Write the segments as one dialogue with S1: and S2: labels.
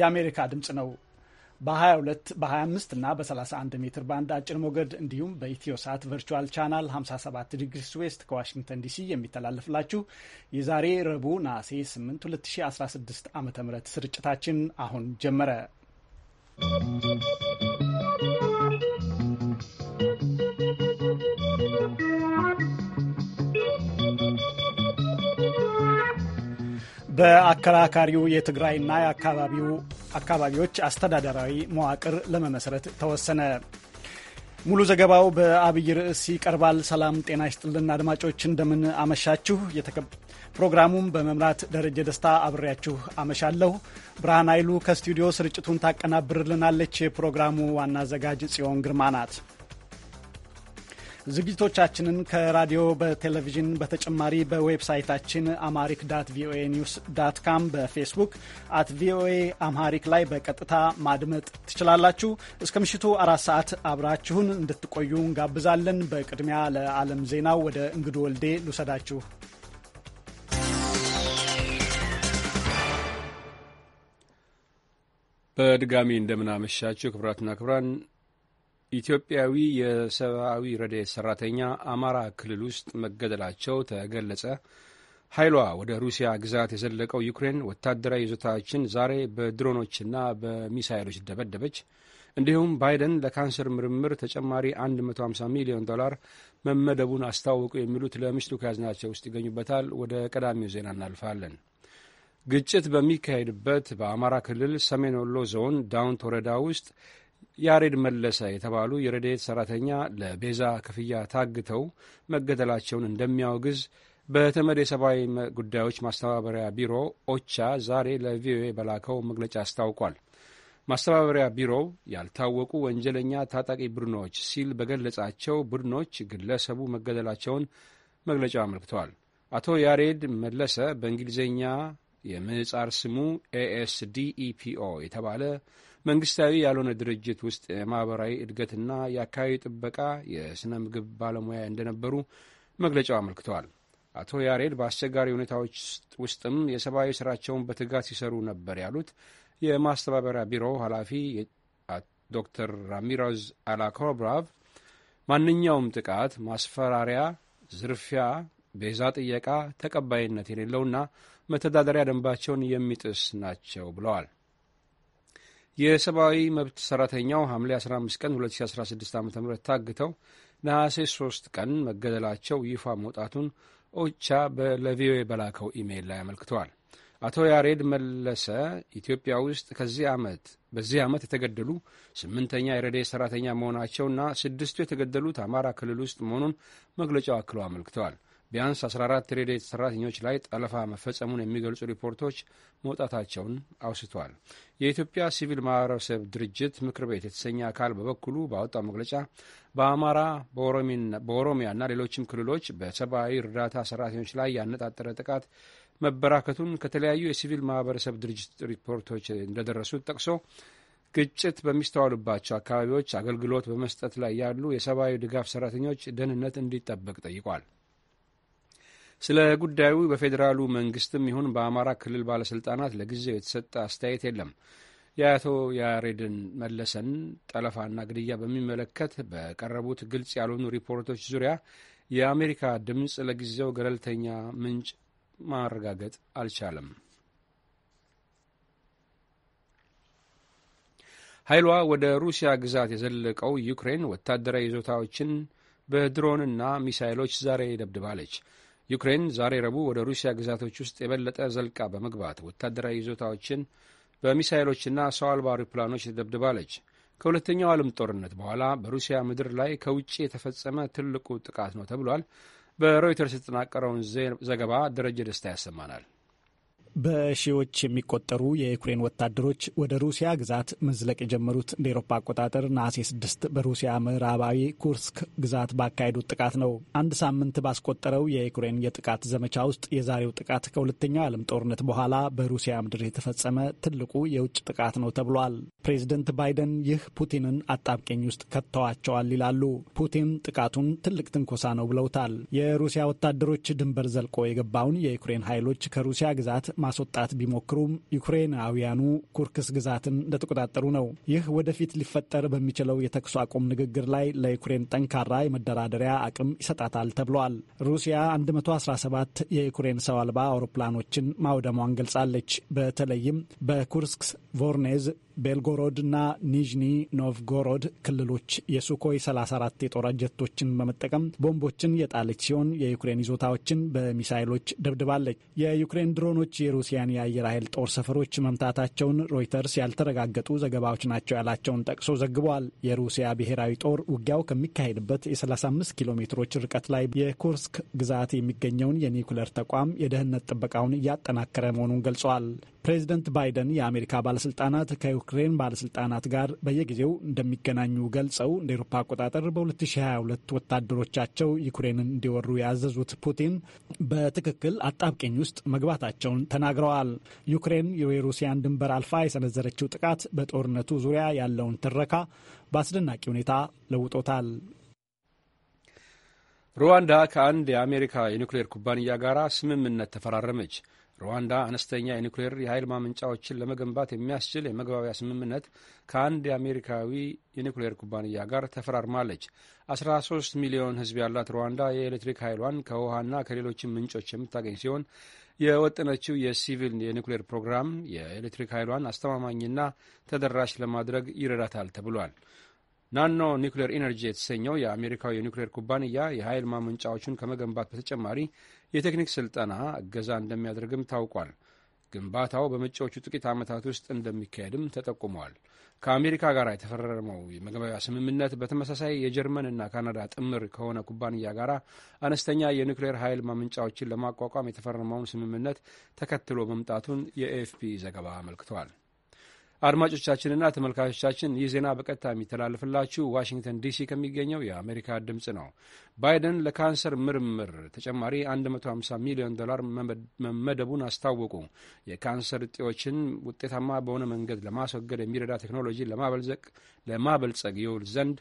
S1: የአሜሪካ ድምፅ ነው። በ22 በ25 እና በ31 ሜትር ባንድ አጭር ሞገድ እንዲሁም በኢትዮ ሳት ቨርቹዋል ቻናል 57 ዲግሪስ ዌስት ከዋሽንግተን ዲሲ የሚተላለፍላችሁ የዛሬ ረቡዕ ነሐሴ 8 2016 ዓ ም ስርጭታችን አሁን ጀመረ። በአከራካሪው የትግራይና የአካባቢው አካባቢዎች አስተዳደራዊ መዋቅር ለመመስረት ተወሰነ። ሙሉ ዘገባው በአብይ ርዕስ ይቀርባል። ሰላም ጤና ይስጥልን አድማጮች፣ እንደምን አመሻችሁ። ፕሮግራሙም በመምራት ደረጀ ደስታ አብሬያችሁ አመሻለሁ። ብርሃን ኃይሉ ከስቱዲዮ ስርጭቱን ታቀናብርልናለች። የፕሮግራሙ ዋና አዘጋጅ ጽዮን ግርማ ናት። ዝግጅቶቻችንን ከራዲዮ በቴሌቪዥን በተጨማሪ በዌብሳይታችን አማሪክ ዳት ቪኦኤ ኒውስ ዳት ካም በፌስቡክ አት ቪኦኤ አምሃሪክ ላይ በቀጥታ ማድመጥ ትችላላችሁ። እስከ ምሽቱ አራት ሰዓት አብራችሁን እንድትቆዩ እንጋብዛለን። በቅድሚያ ለዓለም ዜናው ወደ እንግዱ ወልዴ ልውሰዳችሁ።
S2: በድጋሚ እንደምናመሻችሁ ክብራትና ክብራን። ኢትዮጵያዊ የሰብአዊ ረድኤት ሰራተኛ አማራ ክልል ውስጥ መገደላቸው ተገለጸ። ኃይሏ ወደ ሩሲያ ግዛት የዘለቀው ዩክሬን ወታደራዊ ይዞታዎችን ዛሬ በድሮኖችና በሚሳይሎች ደበደበች። እንዲሁም ባይደን ለካንሰር ምርምር ተጨማሪ 150 ሚሊዮን ዶላር መመደቡን አስታወቁ። የሚሉት ለምሽቱ ከያዝናቸው ውስጥ ይገኙበታል። ወደ ቀዳሚው ዜና እናልፋለን። ግጭት በሚካሄድበት በአማራ ክልል ሰሜን ወሎ ዞን ዳውንት ወረዳ ውስጥ ያሬድ መለሰ የተባሉ የረድኤት ሰራተኛ ለቤዛ ክፍያ ታግተው መገደላቸውን እንደሚያወግዝ በተመድ የሰብአዊ ጉዳዮች ማስተባበሪያ ቢሮ ኦቻ ዛሬ ለቪኦኤ በላከው መግለጫ አስታውቋል። ማስተባበሪያ ቢሮው ያልታወቁ ወንጀለኛ ታጣቂ ቡድኖች ሲል በገለጻቸው ቡድኖች ግለሰቡ መገደላቸውን መግለጫው አመልክተዋል። አቶ ያሬድ መለሰ በእንግሊዝኛ የምህጻር ስሙ ኤኤስዲኢፒኦ የተባለ መንግስታዊ ያልሆነ ድርጅት ውስጥ የማህበራዊ እድገትና የአካባቢ ጥበቃ የሥነ ምግብ ባለሙያ እንደነበሩ መግለጫው አመልክተዋል። አቶ ያሬድ በአስቸጋሪ ሁኔታዎች ውስጥም የሰብአዊ ስራቸውን በትጋት ሲሰሩ ነበር ያሉት የማስተባበሪያ ቢሮ ኃላፊ ዶክተር ራሚሮዝ አላኮብራቭ ማንኛውም ጥቃት፣ ማስፈራሪያ፣ ዝርፊያ፣ ቤዛ ጥየቃ ተቀባይነት የሌለውና መተዳደሪያ ደንባቸውን የሚጥስ ናቸው ብለዋል። የሰብአዊ መብት ሰራተኛው ሐምሌ 15 ቀን 2016 ዓ ም ታግተው ነሐሴ 3 ቀን መገደላቸው ይፋ መውጣቱን ኦቻ ለቪኦኤ በላከው ኢሜይል ላይ አመልክተዋል። አቶ ያሬድ መለሰ ኢትዮጵያ ውስጥ ከዚህ ዓመት በዚህ ዓመት የተገደሉ ስምንተኛ የረድኤት ሰራተኛ መሆናቸውና ስድስቱ የተገደሉት አማራ ክልል ውስጥ መሆኑን መግለጫው አክለው አመልክተዋል። ቢያንስ 14 ሬዴት ሰራተኞች ላይ ጠለፋ መፈጸሙን የሚገልጹ ሪፖርቶች መውጣታቸውን አውስቷል። የኢትዮጵያ ሲቪል ማህበረሰብ ድርጅት ምክር ቤት የተሰኘ አካል በበኩሉ ባወጣው መግለጫ በአማራ በኦሮሚያና ሌሎችም ክልሎች በሰብአዊ እርዳታ ሰራተኞች ላይ ያነጣጠረ ጥቃት መበራከቱን ከተለያዩ የሲቪል ማህበረሰብ ድርጅት ሪፖርቶች እንደደረሱት ጠቅሶ ግጭት በሚስተዋሉባቸው አካባቢዎች አገልግሎት በመስጠት ላይ ያሉ የሰብአዊ ድጋፍ ሰራተኞች ደህንነት እንዲጠበቅ ጠይቋል። ስለ ጉዳዩ በፌዴራሉ መንግስትም ይሁን በአማራ ክልል ባለሥልጣናት ለጊዜው የተሰጠ አስተያየት የለም። የአቶ ያሬድን መለሰን ጠለፋና ግድያ በሚመለከት በቀረቡት ግልጽ ያልሆኑ ሪፖርቶች ዙሪያ የአሜሪካ ድምፅ ለጊዜው ገለልተኛ ምንጭ ማረጋገጥ አልቻለም። ኃይሏ ወደ ሩሲያ ግዛት የዘለቀው ዩክሬን ወታደራዊ ይዞታዎችን በድሮንና ሚሳይሎች ዛሬ ደብድባለች። ዩክሬን ዛሬ ረቡዕ ወደ ሩሲያ ግዛቶች ውስጥ የበለጠ ዘልቃ በመግባት ወታደራዊ ይዞታዎችን በሚሳይሎችና ሰው አልባ አውሮፕላኖች ተደብድባለች። ከሁለተኛው ዓለም ጦርነት በኋላ በሩሲያ ምድር ላይ ከውጭ የተፈጸመ ትልቁ ጥቃት ነው ተብሏል። በሮይተርስ የተጠናቀረውን ዘገባ ደረጀ ደስታ ያሰማናል።
S1: በሺዎች የሚቆጠሩ የዩክሬን ወታደሮች ወደ ሩሲያ ግዛት መዝለቅ የጀመሩት እንደ ኤሮፓ አቆጣጠር ነሐሴ 6 በሩሲያ ምዕራባዊ ኩርስክ ግዛት ባካሄዱት ጥቃት ነው። አንድ ሳምንት ባስቆጠረው የዩክሬን የጥቃት ዘመቻ ውስጥ የዛሬው ጥቃት ከሁለተኛው የዓለም ጦርነት በኋላ በሩሲያ ምድር የተፈጸመ ትልቁ የውጭ ጥቃት ነው ተብሏል። ፕሬዚደንት ባይደን ይህ ፑቲንን አጣብቄኝ ውስጥ ከተዋቸዋል ይላሉ። ፑቲን ጥቃቱን ትልቅ ትንኮሳ ነው ብለውታል። የሩሲያ ወታደሮች ድንበር ዘልቆ የገባውን የዩክሬን ኃይሎች ከሩሲያ ግዛት ለማስወጣት ቢሞክሩም ዩክሬናውያኑ ኩርክስ ግዛትን እንደተቆጣጠሩ ነው። ይህ ወደፊት ሊፈጠር በሚችለው የተኩስ አቁም ንግግር ላይ ለዩክሬን ጠንካራ የመደራደሪያ አቅም ይሰጣታል ተብሏል። ሩሲያ 117 የዩክሬን ሰው አልባ አውሮፕላኖችን ማውደሟን ገልጻለች። በተለይም በኩርስክ ቮርኔዝ ቤልጎሮድ እና ኒዥኒ ኖቭጎሮድ ክልሎች የሱኮይ 34 የጦር ጀቶችን በመጠቀም ቦምቦችን የጣለች ሲሆን የዩክሬን ይዞታዎችን በሚሳይሎች ደብድባለች። የዩክሬን ድሮኖች የሩሲያን የአየር ኃይል ጦር ሰፈሮች መምታታቸውን ሮይተርስ ያልተረጋገጡ ዘገባዎች ናቸው ያላቸውን ጠቅሶ ዘግበዋል። የሩሲያ ብሔራዊ ጦር ውጊያው ከሚካሄድበት የ35 ኪሎ ሜትሮች ርቀት ላይ የኩርስክ ግዛት የሚገኘውን የኒውክለር ተቋም የደህንነት ጥበቃውን እያጠናከረ መሆኑን ገልጸዋል። ፕሬዚደንት ባይደን የአሜሪካ ባለስልጣናት ከዩክሬን ባለስልጣናት ጋር በየጊዜው እንደሚገናኙ ገልጸው እንደ ኤሮፓ አቆጣጠር በ2022 ወታደሮቻቸው ዩክሬንን እንዲወሩ ያዘዙት ፑቲን በትክክል አጣብቂኝ ውስጥ መግባታቸውን ተናግረዋል። ዩክሬን የሩሲያን ድንበር አልፋ የሰነዘረችው ጥቃት በጦርነቱ ዙሪያ ያለውን ትረካ በአስደናቂ ሁኔታ ለውጦታል።
S2: ሩዋንዳ ከአንድ የአሜሪካ የኒውክሌር ኩባንያ ጋር ስምምነት ተፈራረመች። ሩዋንዳ አነስተኛ የኒውክሌር የኃይል ማመንጫዎችን ለመገንባት የሚያስችል የመግባቢያ ስምምነት ከአንድ የአሜሪካዊ የኒውክሌር ኩባንያ ጋር ተፈራርማለች። 13 ሚሊዮን ሕዝብ ያላት ሩዋንዳ የኤሌክትሪክ ኃይሏን ከውሃና ከሌሎችም ምንጮች የምታገኝ ሲሆን የወጠነችው የሲቪል የኒውክሌር ፕሮግራም የኤሌክትሪክ ኃይሏን አስተማማኝና ተደራሽ ለማድረግ ይረዳታል ተብሏል። ናኖ ኒውክሌር ኢነርጂ የተሰኘው የአሜሪካዊ የኒውክሌር ኩባንያ የኃይል ማመንጫዎቹን ከመገንባት በተጨማሪ የቴክኒክ ስልጠና እገዛ እንደሚያደርግም ታውቋል። ግንባታው በመጪዎቹ ጥቂት ዓመታት ውስጥ እንደሚካሄድም ተጠቁመዋል። ከአሜሪካ ጋር የተፈረመው የመግባቢያ ስምምነት በተመሳሳይ የጀርመንና ካናዳ ጥምር ከሆነ ኩባንያ ጋር አነስተኛ የኒውክሌር ኃይል ማመንጫዎችን ለማቋቋም የተፈረመውን ስምምነት ተከትሎ መምጣቱን የኤኤፍፒ ዘገባ አመልክቷል። አድማጮቻችንና ተመልካቾቻችን ይህ ዜና በቀጥታ የሚተላለፍላችሁ ዋሽንግተን ዲሲ ከሚገኘው የአሜሪካ ድምፅ ነው። ባይደን ለካንሰር ምርምር ተጨማሪ 150 ሚሊዮን ዶላር መመደቡን አስታወቁ። የካንሰር እጢዎችን ውጤታማ በሆነ መንገድ ለማስወገድ የሚረዳ ቴክኖሎጂ ለማበልጸግ ይውል ዘንድ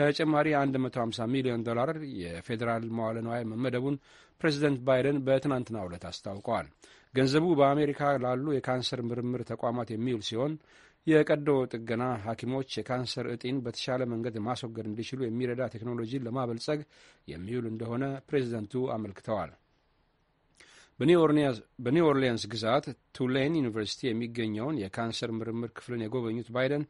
S2: ተጨማሪ 150 ሚሊዮን ዶላር የፌዴራል መዋለ ንዋይ መመደቡን ፕሬዚደንት ባይደን በትናንትናው ዕለት አስታውቀዋል። ገንዘቡ በአሜሪካ ላሉ የካንሰር ምርምር ተቋማት የሚውል ሲሆን የቀዶ ጥገና ሐኪሞች የካንሰር እጢን በተሻለ መንገድ ማስወገድ እንዲችሉ የሚረዳ ቴክኖሎጂን ለማበልጸግ የሚውል እንደሆነ ፕሬዚደንቱ አመልክተዋል። በኒው ኦርሊንስ ግዛት ቱሌን ዩኒቨርሲቲ የሚገኘውን የካንሰር ምርምር ክፍልን የጎበኙት ባይደን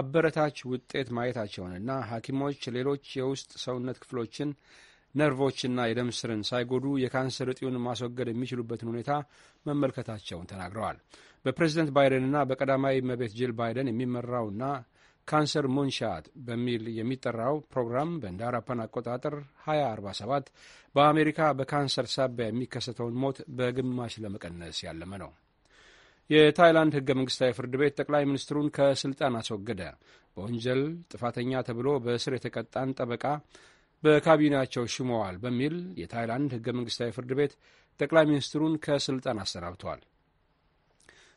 S2: አበረታች ውጤት ማየታቸውንና ሐኪሞች ሌሎች የውስጥ ሰውነት ክፍሎችን ነርቮችና የደም ስርን ሳይጎዱ የካንሰር እጢውን ማስወገድ የሚችሉበትን ሁኔታ መመልከታቸውን ተናግረዋል። በፕሬዚደንት ባይደንና በቀዳማዊ እመቤት ጅል ባይደን የሚመራውና ካንሰር ሙንሻት በሚል የሚጠራው ፕሮግራም በእንደ አውሮፓውያን አቆጣጠር 2047 በአሜሪካ በካንሰር ሳቢያ የሚከሰተውን ሞት በግማሽ ለመቀነስ ያለመ ነው። የታይላንድ ህገ መንግስታዊ ፍርድ ቤት ጠቅላይ ሚኒስትሩን ከስልጣን አስወገደ። በወንጀል ጥፋተኛ ተብሎ በእስር የተቀጣን ጠበቃ በካቢናቸው ሽመዋል በሚል የታይላንድ ህገ መንግስታዊ ፍርድ ቤት ጠቅላይ ሚኒስትሩን ከስልጣን አሰናብተዋል።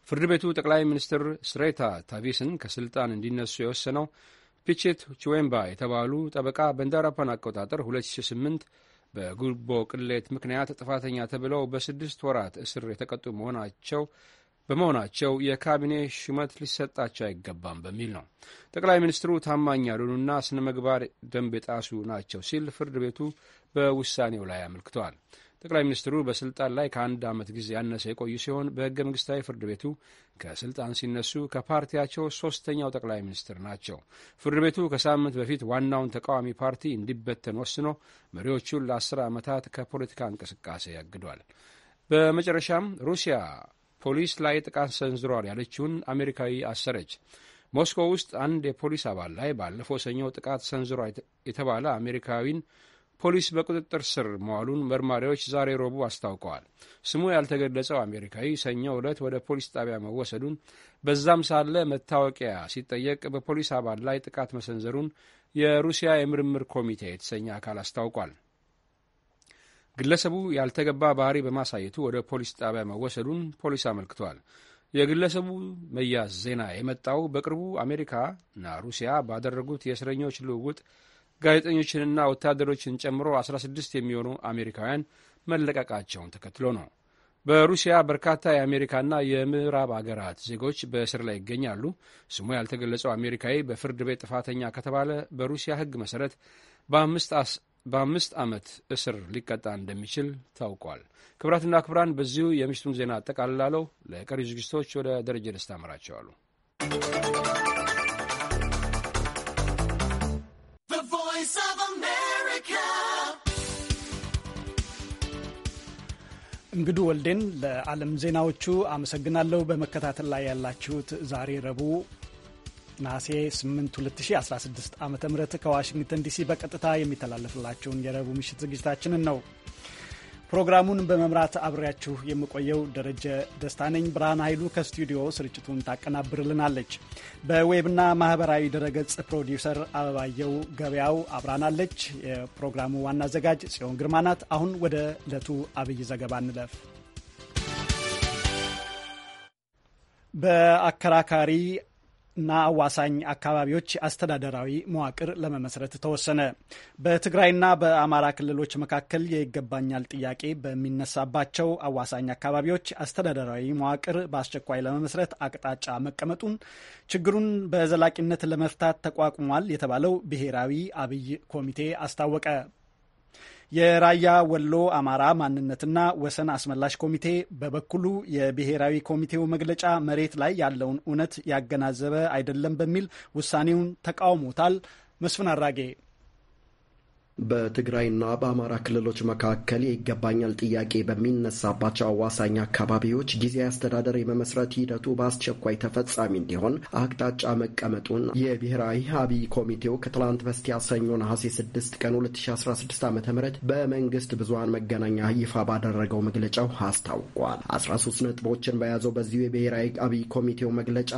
S2: ፍርድ ቤቱ ጠቅላይ ሚኒስትር ስሬታ ታቪስን ከስልጣን እንዲነሱ የወሰነው ፒቼት ችዌምባ የተባሉ ጠበቃ በንዳራፓን አቆጣጠር 2008 በጉቦ ቅሌት ምክንያት ጥፋተኛ ተብለው በስድስት ወራት እስር የተቀጡ መሆናቸው በመሆናቸው የካቢኔ ሹመት ሊሰጣቸው አይገባም በሚል ነው። ጠቅላይ ሚኒስትሩ ታማኝ ያልሆኑና ስነ ምግባር ደንብ የጣሱ ናቸው ሲል ፍርድ ቤቱ በውሳኔው ላይ አመልክተዋል። ጠቅላይ ሚኒስትሩ በስልጣን ላይ ከአንድ ዓመት ጊዜ ያነሰ የቆዩ ሲሆን በሕገ መንግስታዊ ፍርድ ቤቱ ከስልጣን ሲነሱ ከፓርቲያቸው ሶስተኛው ጠቅላይ ሚኒስትር ናቸው። ፍርድ ቤቱ ከሳምንት በፊት ዋናውን ተቃዋሚ ፓርቲ እንዲበተን ወስኖ መሪዎቹን ለአስር ዓመታት ከፖለቲካ እንቅስቃሴ ያግዷል። በመጨረሻም ሩሲያ ፖሊስ ላይ ጥቃት ሰንዝሯል ያለችውን አሜሪካዊ አሰረች። ሞስኮ ውስጥ አንድ የፖሊስ አባል ላይ ባለፈው ሰኞ ጥቃት ሰንዝሯል የተባለ አሜሪካዊን ፖሊስ በቁጥጥር ስር መዋሉን መርማሪዎች ዛሬ ረቡዕ አስታውቀዋል። ስሙ ያልተገለጸው አሜሪካዊ ሰኞ ዕለት ወደ ፖሊስ ጣቢያ መወሰዱን፣ በዛም ሳለ መታወቂያ ሲጠየቅ በፖሊስ አባል ላይ ጥቃት መሰንዘሩን የሩሲያ የምርምር ኮሚቴ የተሰኘ አካል አስታውቋል። ግለሰቡ ያልተገባ ባህሪ በማሳየቱ ወደ ፖሊስ ጣቢያ መወሰዱን ፖሊስ አመልክቷል። የግለሰቡ መያዝ ዜና የመጣው በቅርቡ አሜሪካና ሩሲያ ባደረጉት የእስረኞች ልውውጥ ጋዜጠኞችንና ወታደሮችን ጨምሮ 16 የሚሆኑ አሜሪካውያን መለቀቃቸውን ተከትሎ ነው። በሩሲያ በርካታ የአሜሪካና የምዕራብ አገራት ዜጎች በእስር ላይ ይገኛሉ። ስሙ ያልተገለጸው አሜሪካዊ በፍርድ ቤት ጥፋተኛ ከተባለ በሩሲያ ሕግ መሠረት በአምስት በአምስት ዓመት እስር ሊቀጣ እንደሚችል ታውቋል። ክብራትና ክብራን በዚሁ የምሽቱን ዜና አጠቃልላለው። ለቀሪ ዝግጅቶች ወደ ደረጀ ደስታ አመራቸዋሉ።
S1: እንግዱ ወልዴን ለዓለም ዜናዎቹ አመሰግናለሁ። በመከታተል ላይ ያላችሁት ዛሬ ረቡዕ ነሐሴ 8 2016 ዓ ም ከዋሽንግተን ዲሲ በቀጥታ የሚተላለፍላችሁን የረቡዕ ምሽት ዝግጅታችንን ነው። ፕሮግራሙን በመምራት አብሬያችሁ የምቆየው ደረጀ ደስታ ነኝ። ብርሃን ኃይሉ ከስቱዲዮ ስርጭቱን ታቀናብርልናለች። በዌብና ማህበራዊ ድረገጽ ፕሮዲውሰር አበባየው ገበያው አብራናለች። የፕሮግራሙ ዋና አዘጋጅ ጽዮን ግርማ ናት። አሁን ወደ ዕለቱ አብይ ዘገባ እንለፍ። በአከራካሪ እና አዋሳኝ አካባቢዎች አስተዳደራዊ መዋቅር ለመመስረት ተወሰነ። በትግራይና በአማራ ክልሎች መካከል የይገባኛል ጥያቄ በሚነሳባቸው አዋሳኝ አካባቢዎች አስተዳደራዊ መዋቅር በአስቸኳይ ለመመስረት አቅጣጫ መቀመጡን ችግሩን በዘላቂነት ለመፍታት ተቋቁሟል የተባለው ብሔራዊ አብይ ኮሚቴ አስታወቀ። የራያ ወሎ አማራ ማንነትና ወሰን አስመላሽ ኮሚቴ በበኩሉ የብሔራዊ ኮሚቴው መግለጫ መሬት ላይ ያለውን እውነት ያገናዘበ አይደለም በሚል ውሳኔውን ተቃውሞታል። መስፍን አራጌ
S3: በትግራይና በአማራ ክልሎች መካከል የይገባኛል ጥያቄ በሚነሳባቸው አዋሳኝ አካባቢዎች ጊዜያዊ አስተዳደር የመመስረት ሂደቱ በአስቸኳይ ተፈጻሚ እንዲሆን አቅጣጫ መቀመጡን የብሔራዊ አብይ ኮሚቴው ከትላንት በስቲያ ሰኞ ነሐሴ 6 ቀን 2016 ዓ ም በመንግስት ብዙሀን መገናኛ ይፋ ባደረገው መግለጫው አስታውቋል። 13 ነጥቦችን በያዘው በዚሁ የብሔራዊ አብይ ኮሚቴው መግለጫ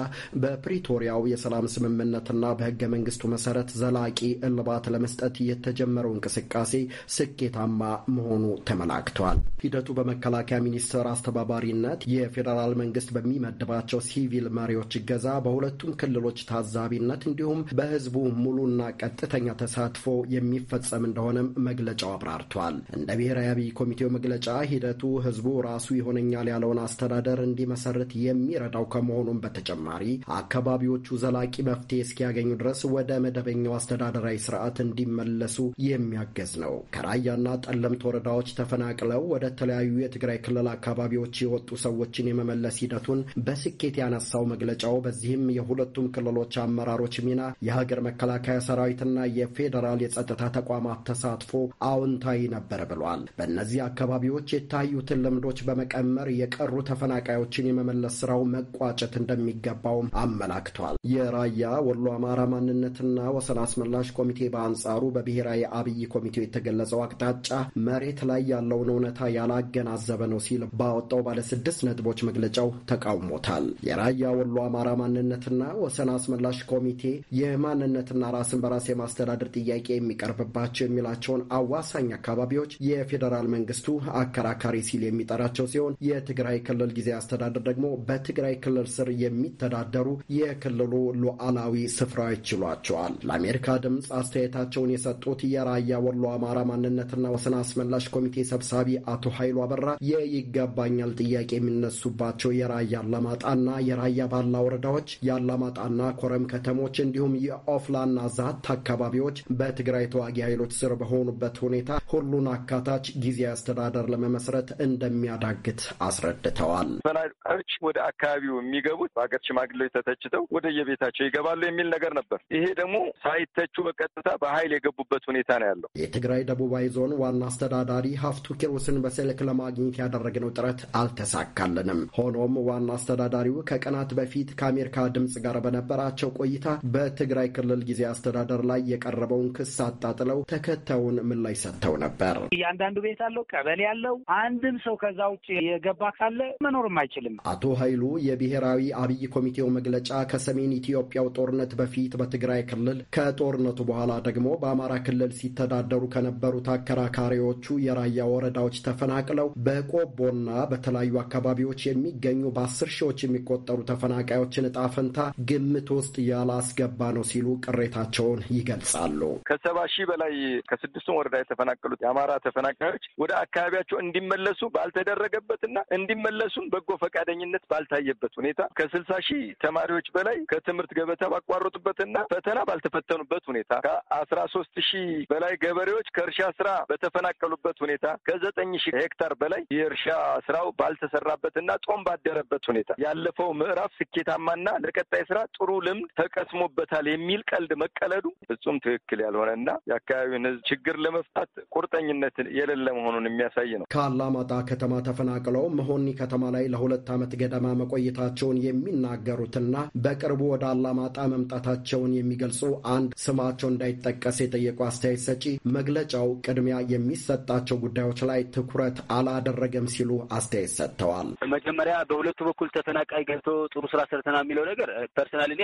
S3: በፕሪቶሪያው የሰላም ስምምነትና በህገ መንግስቱ መሰረት ዘላቂ እልባት ለመስጠት የተጀመረ የነበረው እንቅስቃሴ ስኬታማ መሆኑ ተመላክቷል። ሂደቱ በመከላከያ ሚኒስቴር አስተባባሪነት የፌዴራል መንግስት በሚመድባቸው ሲቪል መሪዎች እገዛ በሁለቱም ክልሎች ታዛቢነት እንዲሁም በህዝቡ ሙሉና ቀጥተኛ ተሳትፎ የሚፈጸም እንደሆነም መግለጫው አብራርቷል። እንደ ብሔራዊ አብይ ኮሚቴው መግለጫ ሂደቱ ህዝቡ ራሱ ይሆነኛል ያለውን አስተዳደር እንዲመሰርት የሚረዳው ከመሆኑም በተጨማሪ አካባቢዎቹ ዘላቂ መፍትሄ እስኪያገኙ ድረስ ወደ መደበኛው አስተዳደራዊ ስርዓት እንዲመለሱ የ የሚያገዝ ነው። ከራያና ጠለምት ወረዳዎች ተፈናቅለው ወደ ተለያዩ የትግራይ ክልል አካባቢዎች የወጡ ሰዎችን የመመለስ ሂደቱን በስኬት ያነሳው መግለጫው በዚህም የሁለቱም ክልሎች አመራሮች ሚና፣ የሀገር መከላከያ ሰራዊትና የፌዴራል የጸጥታ ተቋማት ተሳትፎ አዎንታዊ ነበር ብሏል። በእነዚህ አካባቢዎች የታዩትን ልምዶች በመቀመር የቀሩ ተፈናቃዮችን የመመለስ ስራው መቋጨት እንደሚገባውም አመላክቷል። የራያ ወሎ አማራ ማንነትና ወሰን አስመላሽ ኮሚቴ በአንጻሩ በብሔራዊ አብይ ኮሚቴው የተገለጸው አቅጣጫ መሬት ላይ ያለውን እውነታ ያላገናዘበ ነው ሲል ባወጣው ባለ ስድስት ነጥቦች መግለጫው ተቃውሞታል። የራያ ወሎ አማራ ማንነትና ወሰን አስመላሽ ኮሚቴ የማንነትና ራስን በራስ የማስተዳደር ጥያቄ የሚቀርብባቸው የሚላቸውን አዋሳኝ አካባቢዎች የፌዴራል መንግስቱ አከራካሪ ሲል የሚጠራቸው ሲሆን የትግራይ ክልል ጊዜ አስተዳደር ደግሞ በትግራይ ክልል ስር የሚተዳደሩ የክልሉ ሉዓላዊ ስፍራዎች ይሏቸዋል። ለአሜሪካ ድምፅ አስተያየታቸውን የሰጡት የራ የራያ ወሎ አማራ ማንነትና ወሰን አስመላሽ ኮሚቴ ሰብሳቢ አቶ ኃይሉ አበራ የይገባኛል ጥያቄ የሚነሱባቸው የራያ አላማጣና የራያ ባላ ወረዳዎች የአላማጣና ኮረም ከተሞች እንዲሁም የኦፍላና ዛት አካባቢዎች በትግራይ ተዋጊ ኃይሎች ስር በሆኑበት ሁኔታ ሁሉን አካታች ጊዜያዊ አስተዳደር ለመመስረት እንደሚያዳግት አስረድተዋል።
S4: ፈናቃዮች ወደ አካባቢው የሚገቡት በሀገር ሽማግሌዎች ተተችተው ወደ የቤታቸው ይገባሉ የሚል ነገር ነበር። ይሄ ደግሞ ሳይተቹ በቀጥታ በኃይል የገቡበት ሁኔታ ነው ያለው።
S3: የትግራይ ደቡባዊ ዞን ዋና አስተዳዳሪ ሀፍቱ ኪሩስን በስልክ ለማግኘት ያደረግነው ጥረት አልተሳካልንም። ሆኖም ዋና አስተዳዳሪው ከቀናት በፊት ከአሜሪካ ድምፅ ጋር በነበራቸው ቆይታ በትግራይ ክልል ጊዜ አስተዳደር ላይ የቀረበውን ክስ አጣጥለው ተከታዩን ምላሽ ሰጥተው ነበር።
S5: እያንዳንዱ ቤት አለው፣
S1: ቀበሌ ያለው አንድም ሰው ከዛ ውጭ የገባ ካለ መኖርም አይችልም።
S3: አቶ ኃይሉ የብሔራዊ አብይ ኮሚቴው መግለጫ ከሰሜን ኢትዮጵያው ጦርነት በፊት በትግራይ ክልል ከጦርነቱ በኋላ ደግሞ በአማራ ክልል ሲ ሲተዳደሩ ከነበሩት አከራካሪዎቹ የራያ ወረዳዎች ተፈናቅለው በቆቦና በተለያዩ አካባቢዎች የሚገኙ በአስር ሺዎች የሚቆጠሩ ተፈናቃዮችን እጣ ፈንታ ግምት ውስጥ ያላስገባ ነው ሲሉ ቅሬታቸውን ይገልጻሉ።
S4: ከሰባ ሺህ በላይ ከስድስቱም ወረዳ የተፈናቀሉት የአማራ ተፈናቃዮች ወደ አካባቢያቸው እንዲመለሱ ባልተደረገበትና እንዲመለሱም በጎ ፈቃደኝነት ባልታየበት ሁኔታ ከስልሳ ሺህ ተማሪዎች በላይ ከትምህርት ገበታ ባቋረጡበትና ፈተና ባልተፈተኑበት ሁኔታ ከአስራ ሶስት ሺህ በላይ ገበሬዎች ከእርሻ ስራ በተፈናቀሉበት ሁኔታ ከዘጠኝ ሺህ ሄክታር በላይ የእርሻ ስራው ባልተሰራበትና ጦም ባደረበት ሁኔታ ያለፈው ምዕራፍ ስኬታማና ለቀጣይ ስራ ጥሩ ልምድ ተቀስሞበታል የሚል ቀልድ መቀለዱ ፍጹም ትክክል ያልሆነና የአካባቢውን ህዝብ ችግር ለመፍታት ቁርጠኝነት የሌለ መሆኑን
S6: የሚያሳይ ነው።
S3: ከአላማጣ ከተማ ተፈናቅለው መሆኒ ከተማ ላይ ለሁለት ዓመት ገደማ መቆየታቸውን የሚናገሩትና በቅርቡ ወደ አላማጣ መምጣታቸውን የሚገልጹ አንድ ስማቸው እንዳይጠቀስ የጠየቁ አስተያየት ሰጪ መግለጫው ቅድሚያ የሚሰጣቸው ጉዳዮች ላይ ትኩረት አላደረገም ሲሉ አስተያየት ሰጥተዋል።
S1: መጀመሪያ በሁለቱ በኩል ተፈናቃይ ገብቶ ጥሩ ስራ ሰርተና የሚለው ነገር ፐርሰናል እኔ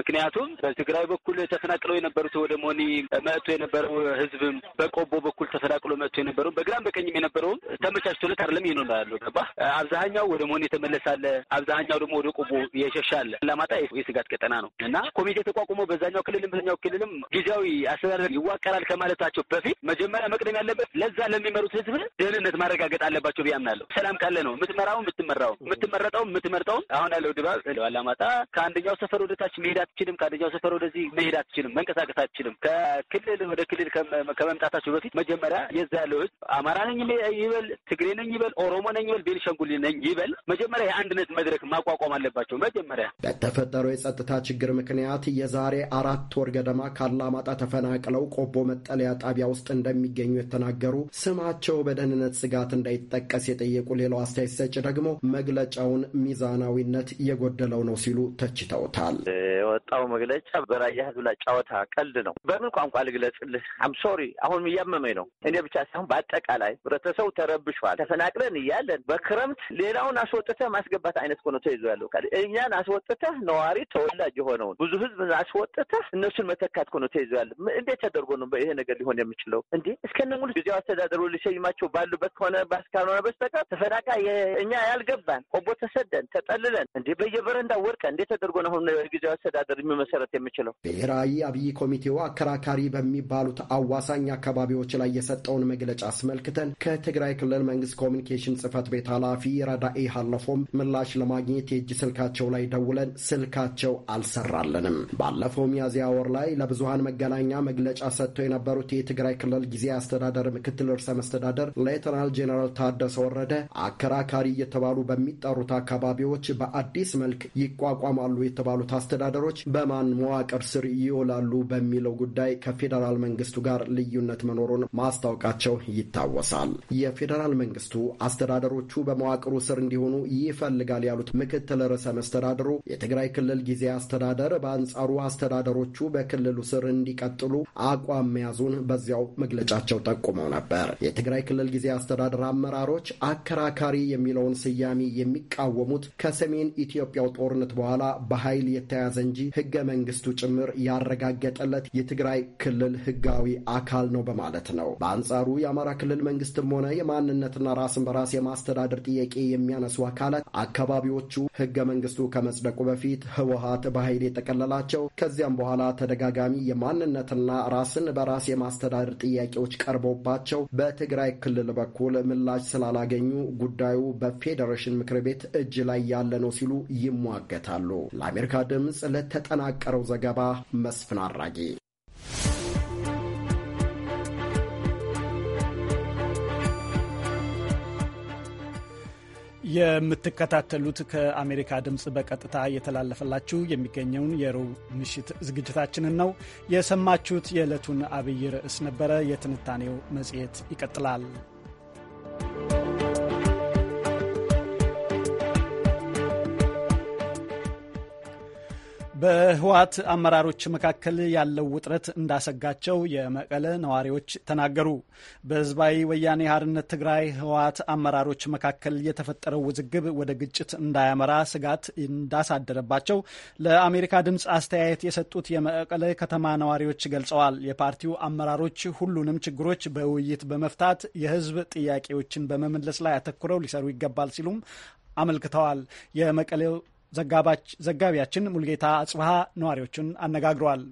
S1: ምክንያቱም በትግራይ በኩል ተፈናቅለው የነበሩት ወደ ሞኒ መጥቶ የነበረው ህዝብም በቆቦ በኩል ተፈናቅሎ መጥቶ የነበረው በግራም በቀኝም የነበረውም ተመቻችቶለት አይደለም ይኖ ያለው ገባ። አብዛኛው ወደ መሆኒ የተመለሳለ፣ አብዛኛው ደግሞ ወደ ቆቦ የሸሻለ። አላማጣ የስጋት ቀጠና ነው እና ኮሚቴ ተቋቁሞ በዛኛው ክልልም በዛኛው ክልልም ጊዜያዊ አስተዳደር ይዋቀራል ይሆናል ከማለታቸው በፊት መጀመሪያ መቅደም ያለበት ለዛ ለሚመሩት ህዝብ ደህንነት ማረጋገጥ አለባቸው ብዬ አምናለሁ። ሰላም ካለ ነው የምትመራው የምትመራው የምትመረጠው
S5: የምትመርጠው። አሁን
S1: ያለው ድባብ አላማጣ ከአንደኛው ሰፈር ወደታች መሄድ አትችልም። ከአንደኛው ሰፈር ወደዚህ መሄድ አትችልም። መንቀሳቀስ አትችልም። ከክልል ወደ ክልል ከመምጣታቸው በፊት መጀመሪያ የዛ ያለው ህዝብ አማራ ነኝ ይበል፣ ትግሬ ነኝ ይበል፣ ኦሮሞ ነኝ ይበል፣ ቤንሻንጉል ነኝ ይበል፣ መጀመሪያ የአንድነት መድረክ ማቋቋም
S6: አለባቸው። መጀመሪያ
S3: በተፈጠረው የጸጥታ ችግር ምክንያት የዛሬ አራት ወር ገደማ ካላማጣ ተፈናቅለው ቆቦ መጠለያ ጣቢያ ውስጥ እንደሚገኙ የተናገሩ ስማቸው በደህንነት ስጋት እንዳይጠቀስ የጠየቁ ሌላው አስተያየት ሰጭ ደግሞ መግለጫውን ሚዛናዊነት የጎደለው ነው ሲሉ ተችተውታል።
S5: የወጣው መግለጫ በራያ ህዝብ ላይ ጨዋታ፣ ቀልድ ነው። በምን ቋንቋ ልግለጽልህ? አም ሶሪ አሁን እያመመኝ ነው። እኔ ብቻ ሳይሆን በአጠቃላይ ህብረተሰቡ
S3: ተረብሿል። ተፈናቅለን እያለን በክረምት ሌላውን አስወጥተህ ማስገባት አይነት ሆኖ ተይዞ ያለው።
S5: እኛን አስወጥተህ ነዋሪ ተወላጅ የሆነውን ብዙ ህዝብ አስወጥተህ እነሱን መተካት እኮ ተይዞ ያለ። እንዴት ተደርጎ ነው ይሄ ነገር ሊሆን የምችለው? እንዴ? እስከነ ሙሉ ጊዜው አስተዳደሩ ሊሰይማቸው
S3: ባሉበት ከሆነ ባስካልሆነ በስተቀር ተፈናቃይ እኛ ያልገባን ቆቦ ተሰደን ተጠልለን እንዴ በየበረንዳ ወድቀ እንዴ ተደርጎ ነው አሁን ጊዜው አስተዳደር የሚመሰረት የምችለው? ብሔራዊ አብይ ኮሚቴው አከራካሪ በሚባሉት አዋሳኝ አካባቢዎች ላይ የሰጠውን መግለጫ አስመልክተን ከትግራይ ክልል መንግስት ኮሚኒኬሽን ጽህፈት ቤት ኃላፊ ረዳኤ ሀለፎም ምላሽ ለማግኘት የእጅ ስልካቸው ላይ ደውለን ስልካቸው አልሰራለንም። ባለፈው ሚያዝያ ወር ላይ ለብዙሀን መገናኛ መግለጫ ሰጥተው የነበሩት የትግራይ ክልል ጊዜ አስተዳደር ምክትል ርዕሰ መስተዳደር ሌተናል ጄኔራል ታደሰ ወረደ አከራካሪ እየተባሉ በሚጠሩት አካባቢዎች በአዲስ መልክ ይቋቋማሉ የተባሉት አስተዳደሮች በማን መዋቅር ስር ይውላሉ በሚለው ጉዳይ ከፌዴራል መንግስቱ ጋር ልዩነት መኖሩን ማስታወቃቸው ይታወሳል። የፌዴራል መንግስቱ አስተዳደሮቹ በመዋቅሩ ስር እንዲሆኑ ይፈልጋል ያሉት ምክትል ርዕሰ መስተዳድሩ የትግራይ ክልል ጊዜ አስተዳደር በአንጻሩ አስተዳደሮቹ በክልሉ ስር እንዲቀጥሉ አቋም መያዙን በዚያው መግለጫቸው ጠቁመው ነበር። የትግራይ ክልል ጊዜ አስተዳደር አመራሮች አከራካሪ የሚለውን ስያሜ የሚቃወሙት ከሰሜን ኢትዮጵያው ጦርነት በኋላ በኃይል የተያዘ እንጂ ህገ መንግስቱ ጭምር ያረጋገጠለት የትግራይ ክልል ህጋዊ አካል ነው በማለት ነው። በአንጻሩ የአማራ ክልል መንግስትም ሆነ የማንነትና ራስን በራስ የማስተዳደር ጥያቄ የሚያነሱ አካላት አካባቢዎቹ ህገ መንግስቱ ከመጽደቁ በፊት ህወሀት በኃይል የጠቀለላቸው ከዚያም በኋላ ተደጋጋሚ የማንነትና ራስን በራ ራስ የማስተዳደር ጥያቄዎች ቀርበውባቸው በትግራይ ክልል በኩል ምላሽ ስላላገኙ ጉዳዩ በፌዴሬሽን ምክር ቤት እጅ ላይ ያለ ነው ሲሉ ይሟገታሉ። ለአሜሪካ ድምፅ ለተጠናቀረው ዘገባ መስፍን አራጌ
S1: የምትከታተሉት ከአሜሪካ ድምፅ በቀጥታ እየተላለፈላችሁ የሚገኘውን የሮብ ምሽት ዝግጅታችንን ነው የሰማችሁት። የዕለቱን አብይ ርዕስ ነበረ። የትንታኔው መጽሔት ይቀጥላል። በህወሓት አመራሮች መካከል ያለው ውጥረት እንዳሰጋቸው የመቀለ ነዋሪዎች ተናገሩ። በህዝባዊ ወያኔ ሓርነት ትግራይ ህወሓት አመራሮች መካከል የተፈጠረው ውዝግብ ወደ ግጭት እንዳያመራ ስጋት እንዳሳደረባቸው ለአሜሪካ ድምፅ አስተያየት የሰጡት የመቀለ ከተማ ነዋሪዎች ገልጸዋል። የፓርቲው አመራሮች ሁሉንም ችግሮች በውይይት በመፍታት የህዝብ ጥያቄዎችን በመመለስ ላይ አተኩረው ሊሰሩ ይገባል ሲሉም አመልክተዋል። የመቀሌው ዘጋቢያችን ሙልጌታ አጽብሃ ነዋሪዎቹን አነጋግሯል።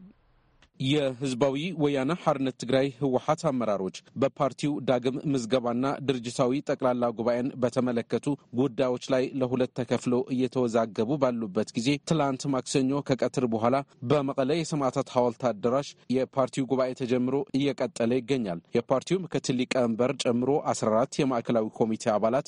S7: የህዝባዊ ወያነ ሐርነት ትግራይ ህወሀት አመራሮች በፓርቲው ዳግም ምዝገባና ድርጅታዊ ጠቅላላ ጉባኤን በተመለከቱ ጉዳዮች ላይ ለሁለት ተከፍሎ እየተወዛገቡ ባሉበት ጊዜ ትላንት ማክሰኞ ከቀትር በኋላ በመቀለ የሰማዕታት ሐውልት አዳራሽ የፓርቲው ጉባኤ ተጀምሮ እየቀጠለ ይገኛል። የፓርቲው ምክትል ሊቀመንበር ጨምሮ 14 የማዕከላዊ ኮሚቴ አባላት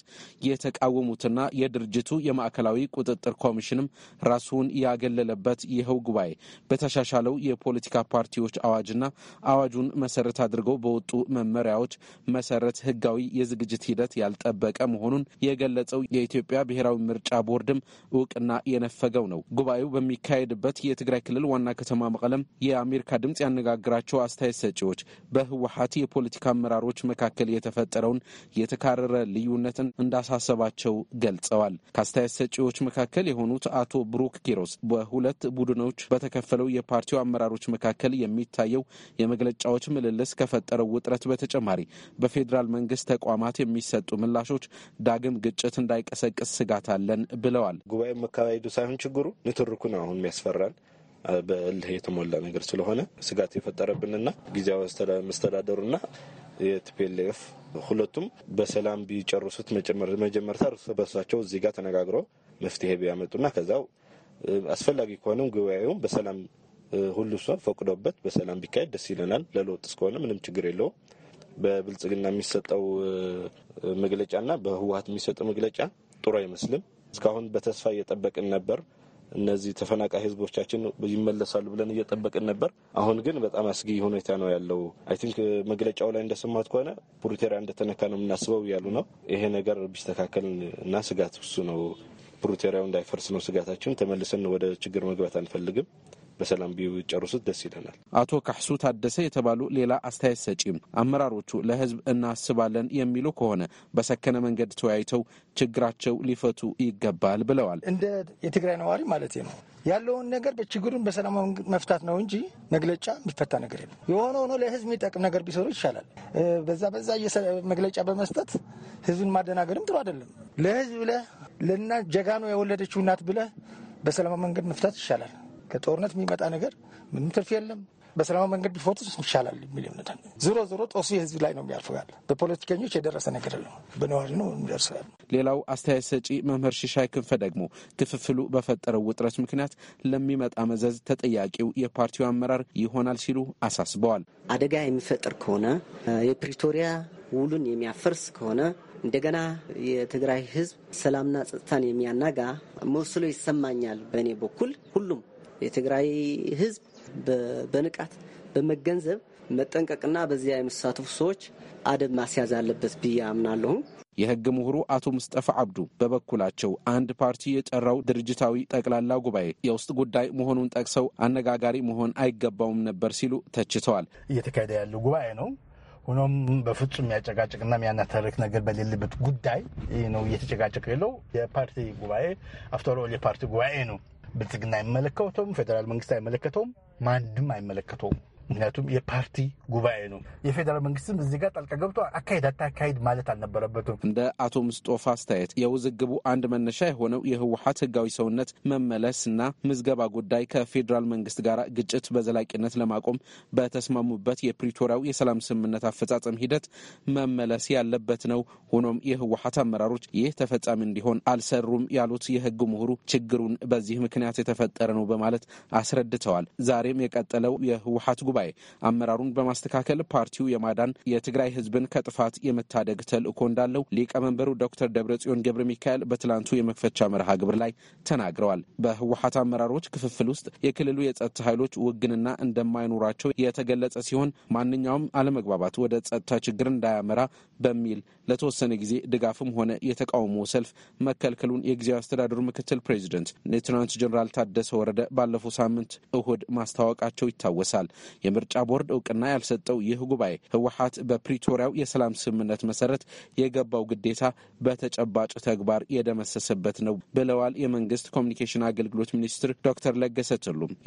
S7: የተቃወሙትና የድርጅቱ የማዕከላዊ ቁጥጥር ኮሚሽንም ራሱን ያገለለበት ይኸው ጉባኤ በተሻሻለው የፖለቲካ ፓርቲዎች አዋጅና አዋጁን መሰረት አድርገው በወጡ መመሪያዎች መሰረት ህጋዊ የዝግጅት ሂደት ያልጠበቀ መሆኑን የገለጸው የኢትዮጵያ ብሔራዊ ምርጫ ቦርድም እውቅና የነፈገው ነው። ጉባኤው በሚካሄድበት የትግራይ ክልል ዋና ከተማ መቀለም የአሜሪካ ድምፅ ያነጋግራቸው አስተያየት ሰጪዎች በህወሀት የፖለቲካ አመራሮች መካከል የተፈጠረውን የተካረረ ልዩነትን እንዳሳሰባቸው ገልጸዋል። ከአስተያየት ሰጪዎች መካከል የሆኑት አቶ ብሩክ ኪሮስ በሁለት ቡድኖች በተከፈለው የፓርቲው አመራሮች መካከል መካከል የሚታየው የመግለጫዎች ምልልስ ከፈጠረው ውጥረት በተጨማሪ በፌዴራል መንግስት ተቋማት የሚሰጡ ምላሾች ዳግም ግጭት እንዳይቀሰቅስ ስጋት አለን ብለዋል።
S6: ጉባኤ መካሄዱ ሳይሆን ችግሩ ንትርኩ ነው አሁን የሚያስፈራን በእልህ የተሞላ ነገር ስለሆነ ስጋት የፈጠረብንና ጊዜያዊ መስተዳደሩና የቲፒኤልኤፍ ሁለቱም በሰላም ቢጨርሱት መጀመርታ እርስ በርሳቸው እዚህ ጋር ተነጋግረው መፍትሄ ቢያመጡና ከዛው አስፈላጊ ከሆነም ጉባኤውም በሰላም ሁሉ እሷ ፈቅዶበት በሰላም ቢካሄድ ደስ ይለናል። ለለውጥ እስከሆነ ምንም ችግር የለውም። በብልጽግና የሚሰጠው መግለጫና በህወሀት የሚሰጠው መግለጫ ጥሩ አይመስልም። እስካሁን በተስፋ እየጠበቅን ነበር። እነዚህ ተፈናቃይ ህዝቦቻችን ይመለሳሉ ብለን እየጠበቅን ነበር። አሁን ግን በጣም አስጊ ሁኔታ ነው ያለው። አይ ቲንክ መግለጫው ላይ እንደሰማት ከሆነ ፕሪቶሪያ እንደተነካ ነው የምናስበው እያሉ ነው። ይሄ ነገር ቢስተካከል እና ስጋት እሱ ነው። ፕሪቶሪያው እንዳይፈርስ ነው ስጋታችን። ተመልሰን ወደ ችግር መግባት አንፈልግም። በሰላም ቢጨርሱት ደስ ይለናል።
S7: አቶ ካሕሱ ታደሰ የተባሉ ሌላ አስተያየት ሰጪም አመራሮቹ ለህዝብ እናስባለን የሚሉ ከሆነ በሰከነ መንገድ ተወያይተው ችግራቸው ሊፈቱ ይገባል ብለዋል። እንደ የትግራይ ነዋሪ ማለት ነው
S1: ያለውን ነገር በችግሩን በሰላማዊ መፍታት ነው እንጂ መግለጫ የሚፈታ ነገር የለም። የሆነ ሆኖ ለህዝብ የሚጠቅም ነገር ቢሰሩ ይሻላል። በዛ በዛ መግለጫ በመስጠት ህዝብን ማደናገርም ጥሩ አይደለም። ለህዝብ ብለህ ለእና ጀጋኖ የወለደችው እናት ብለህ በሰላማዊ መንገድ መፍታት ይሻላል። ከጦርነት የሚመጣ ነገር ምንም ትርፍ የለም። በሰላማዊ መንገድ ቢፈቱት ይሻላል የሚል እምነት ዞሮ ዞሮ ጦሱ የህዝብ ላይ ነው የሚያርፈው። ያለ በፖለቲከኞች የደረሰ ነገር ነው፣
S4: በነዋሪ ነው የሚደርሰው። ያለ
S7: ሌላው አስተያየት ሰጪ መምህር ሽሻይ ክንፈ ደግሞ ክፍፍሉ በፈጠረው ውጥረት ምክንያት ለሚመጣ መዘዝ ተጠያቂው የፓርቲው አመራር ይሆናል ሲሉ አሳስበዋል። አደጋ የሚፈጥር ከሆነ የፕሪቶሪያ ውሉን የሚያፈርስ ከሆነ
S3: እንደገና የትግራይ ህዝብ ሰላምና ጸጥታን የሚያናጋ መስሎ ይሰማኛል። በእኔ በኩል ሁሉም የትግራይ ህዝብ በንቃት
S7: በመገንዘብ መጠንቀቅና በዚያ የመሳተፉ ሰዎች አደብ ማስያዝ አለበት ብዬ አምናለሁ። የህግ ምሁሩ አቶ ሙስጠፋ አብዱ በበኩላቸው አንድ ፓርቲ የጠራው ድርጅታዊ ጠቅላላ ጉባኤ የውስጥ ጉዳይ መሆኑን ጠቅሰው አነጋጋሪ መሆን አይገባውም ነበር ሲሉ ተችተዋል።
S8: እየተካሄደ ያለው ጉባኤ ነው። ሆኖም በፍጹም የሚያጨቃጭቅና የሚያናተርክ ነገር በሌለበት ጉዳይ ነው እየተጨቃጨቀ የለው የፓርቲ ጉባኤ አፍተሮል የፓርቲ ጉባኤ ነው ብልጽግና አይመለከተውም፣ ፌዴራል መንግስት አይመለከተውም፣ ማንም አይመለከተውም። ምክንያቱም የፓርቲ ጉባኤ ነው። የፌዴራል መንግስትም እዚህ ጋር ጣልቃ ገብቶ አካሄድ አታካሄድ ማለት አልነበረበትም።
S7: እንደ አቶ ምስጦፋ አስተያየት የውዝግቡ አንድ መነሻ የሆነው የህወሀት ህጋዊ ሰውነት መመለስና ምዝገባ ጉዳይ ከፌዴራል መንግስት ጋር ግጭት በዘላቂነት ለማቆም በተስማሙበት የፕሪቶሪያው የሰላም ስምምነት አፈጻጸም ሂደት መመለስ ያለበት ነው። ሆኖም የህወሀት አመራሮች ይህ ተፈጻሚ እንዲሆን አልሰሩም ያሉት የህግ ምሁሩ ችግሩን በዚህ ምክንያት የተፈጠረ ነው በማለት አስረድተዋል። ዛሬም የቀጠለው የህወሀት ጉባኤ ላይ አመራሩን በማስተካከል ፓርቲው የማዳን የትግራይ ህዝብን ከጥፋት የመታደግ ተልእኮ እንዳለው ሊቀመንበሩ ዶክተር ደብረጽዮን ገብረ ሚካኤል በትላንቱ የመክፈቻ መርሃ ግብር ላይ ተናግረዋል። በህወሀት አመራሮች ክፍፍል ውስጥ የክልሉ የጸጥታ ኃይሎች ውግንና እንደማይኖራቸው የተገለጸ ሲሆን ማንኛውም አለመግባባት ወደ ጸጥታ ችግር እንዳያመራ በሚል ለተወሰነ ጊዜ ድጋፍም ሆነ የተቃውሞ ሰልፍ መከልከሉን የጊዜያዊ አስተዳደሩ ምክትል ፕሬዚደንት ሌትናንት ጀኔራል ታደሰ ወረደ ባለፈው ሳምንት እሁድ ማስታወቃቸው ይታወሳል። የምርጫ ቦርድ እውቅና ያልሰጠው ይህ ጉባኤ ህወሀት በፕሪቶሪያው የሰላም ስምምነት መሰረት የገባው ግዴታ በተጨባጭ ተግባር የደመሰሰበት ነው ብለዋል። የመንግስት ኮሚኒኬሽን አገልግሎት ሚኒስትር ዶክተር ለገሰ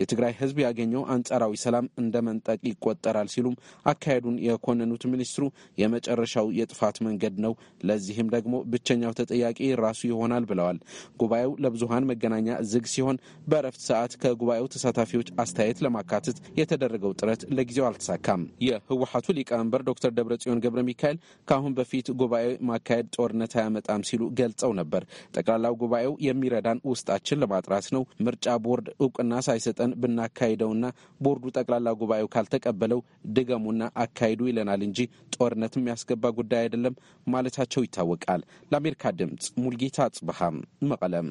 S7: የትግራይ ህዝብ ያገኘው አንጻራዊ ሰላም እንደ መንጠቅ ይቆጠራል ሲሉም አካሄዱን የኮነኑት ሚኒስትሩ የመጨረሻው የጥፋት መንገድ ነው፣ ለዚህም ደግሞ ብቸኛው ተጠያቂ ራሱ ይሆናል ብለዋል። ጉባኤው ለብዙሀን መገናኛ ዝግ ሲሆን በእረፍት ሰዓት ከጉባኤው ተሳታፊዎች አስተያየት ለማካተት የተደረገው ጥረት ለጊዜው አልተሳካም። የህወሀቱ ሊቀመንበር ዶክተር ደብረጽዮን ገብረ ሚካኤል ከአሁን በፊት ጉባኤ ማካሄድ ጦርነት አያመጣም ሲሉ ገልጸው ነበር። ጠቅላላው ጉባኤው የሚረዳን ውስጣችን ለማጥራት ነው። ምርጫ ቦርድ እውቅና ሳይሰጠን ብናካሂደውና ቦርዱ ጠቅላላ ጉባኤው ካልተቀበለው ድገሙና አካሂዱ ይለናል እንጂ ጦርነት የሚያስገባ ጉዳይ አይደለም ማለታቸው ይታወቃል። ለአሜሪካ ድምጽ ሙልጌታ አጽብሃም መቀለም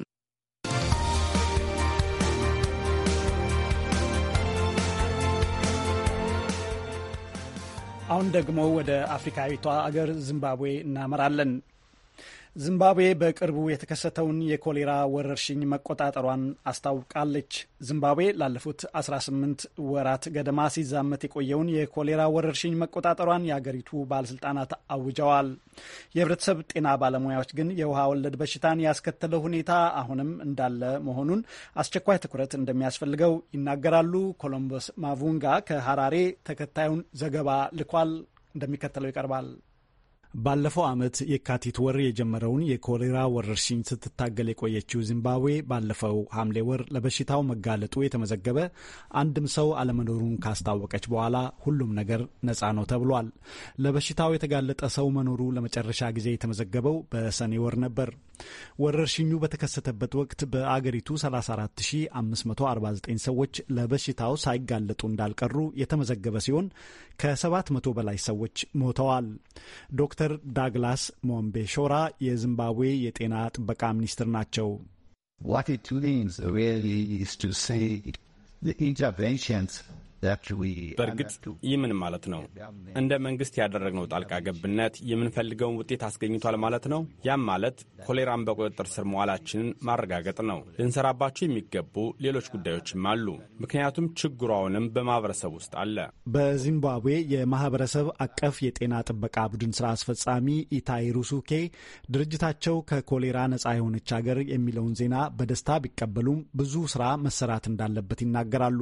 S1: አሁን ደግሞ ወደ አፍሪካዊቷ አገር ዚምባብዌ እናመራለን። ዚምባብዌ በቅርቡ የተከሰተውን የኮሌራ ወረርሽኝ መቆጣጠሯን አስታውቃለች። ዚምባብዌ ላለፉት 18 ወራት ገደማ ሲዛመት የቆየውን የኮሌራ ወረርሽኝ መቆጣጠሯን የአገሪቱ ባለስልጣናት አውጀዋል። የህብረተሰብ ጤና ባለሙያዎች ግን የውሃ ወለድ በሽታን ያስከተለው ሁኔታ አሁንም እንዳለ መሆኑን፣ አስቸኳይ ትኩረት እንደሚያስፈልገው ይናገራሉ። ኮሎምበስ ማቡንጋ ከሀራሬ ተከታዩን ዘገባ ልኳል፣ እንደሚከተለው ይቀርባል። ባለፈው ዓመት የካቲት ወር የጀመረውን የኮሌራ ወረርሽኝ ስትታገል የቆየችው ዚምባብዌ ባለፈው ሐምሌ ወር ለበሽታው መጋለጡ የተመዘገበ አንድም ሰው አለመኖሩን ካስታወቀች በኋላ ሁሉም ነገር ነፃ ነው ተብሏል። ለበሽታው የተጋለጠ ሰው መኖሩ ለመጨረሻ ጊዜ የተመዘገበው በሰኔ ወር ነበር። ወረርሽኙ በተከሰተበት ወቅት በአገሪቱ 34549 ሰዎች ለበሽታው ሳይጋለጡ እንዳልቀሩ የተመዘገበ ሲሆን ከ700 በላይ ሰዎች ሞተዋል። ዶክተር ዶክተር ዳግላስ ሞምቤሾራ የዚምባብዌ የጤና ጥበቃ ሚኒስትር ናቸው። What it means
S5: really is to say the interventions
S8: በእርግጥ
S6: ይህ ምን ማለት ነው? እንደ መንግስት ያደረግነው ጣልቃ ገብነት የምንፈልገውን ውጤት አስገኝቷል ማለት ነው። ያም ማለት ኮሌራን በቁጥጥር ስር መዋላችንን ማረጋገጥ ነው። ልንሰራባቸው የሚገቡ ሌሎች ጉዳዮችም አሉ። ምክንያቱም ችግሯውንም በማህበረሰብ ውስጥ አለ።
S1: በዚምባብዌ የማህበረሰብ አቀፍ የጤና ጥበቃ ቡድን ስራ አስፈጻሚ ኢታይ ሩሱኬ ድርጅታቸው ከኮሌራ ነጻ የሆነች ሀገር የሚለውን ዜና በደስታ ቢቀበሉም ብዙ ስራ መሰራት እንዳለበት ይናገራሉ።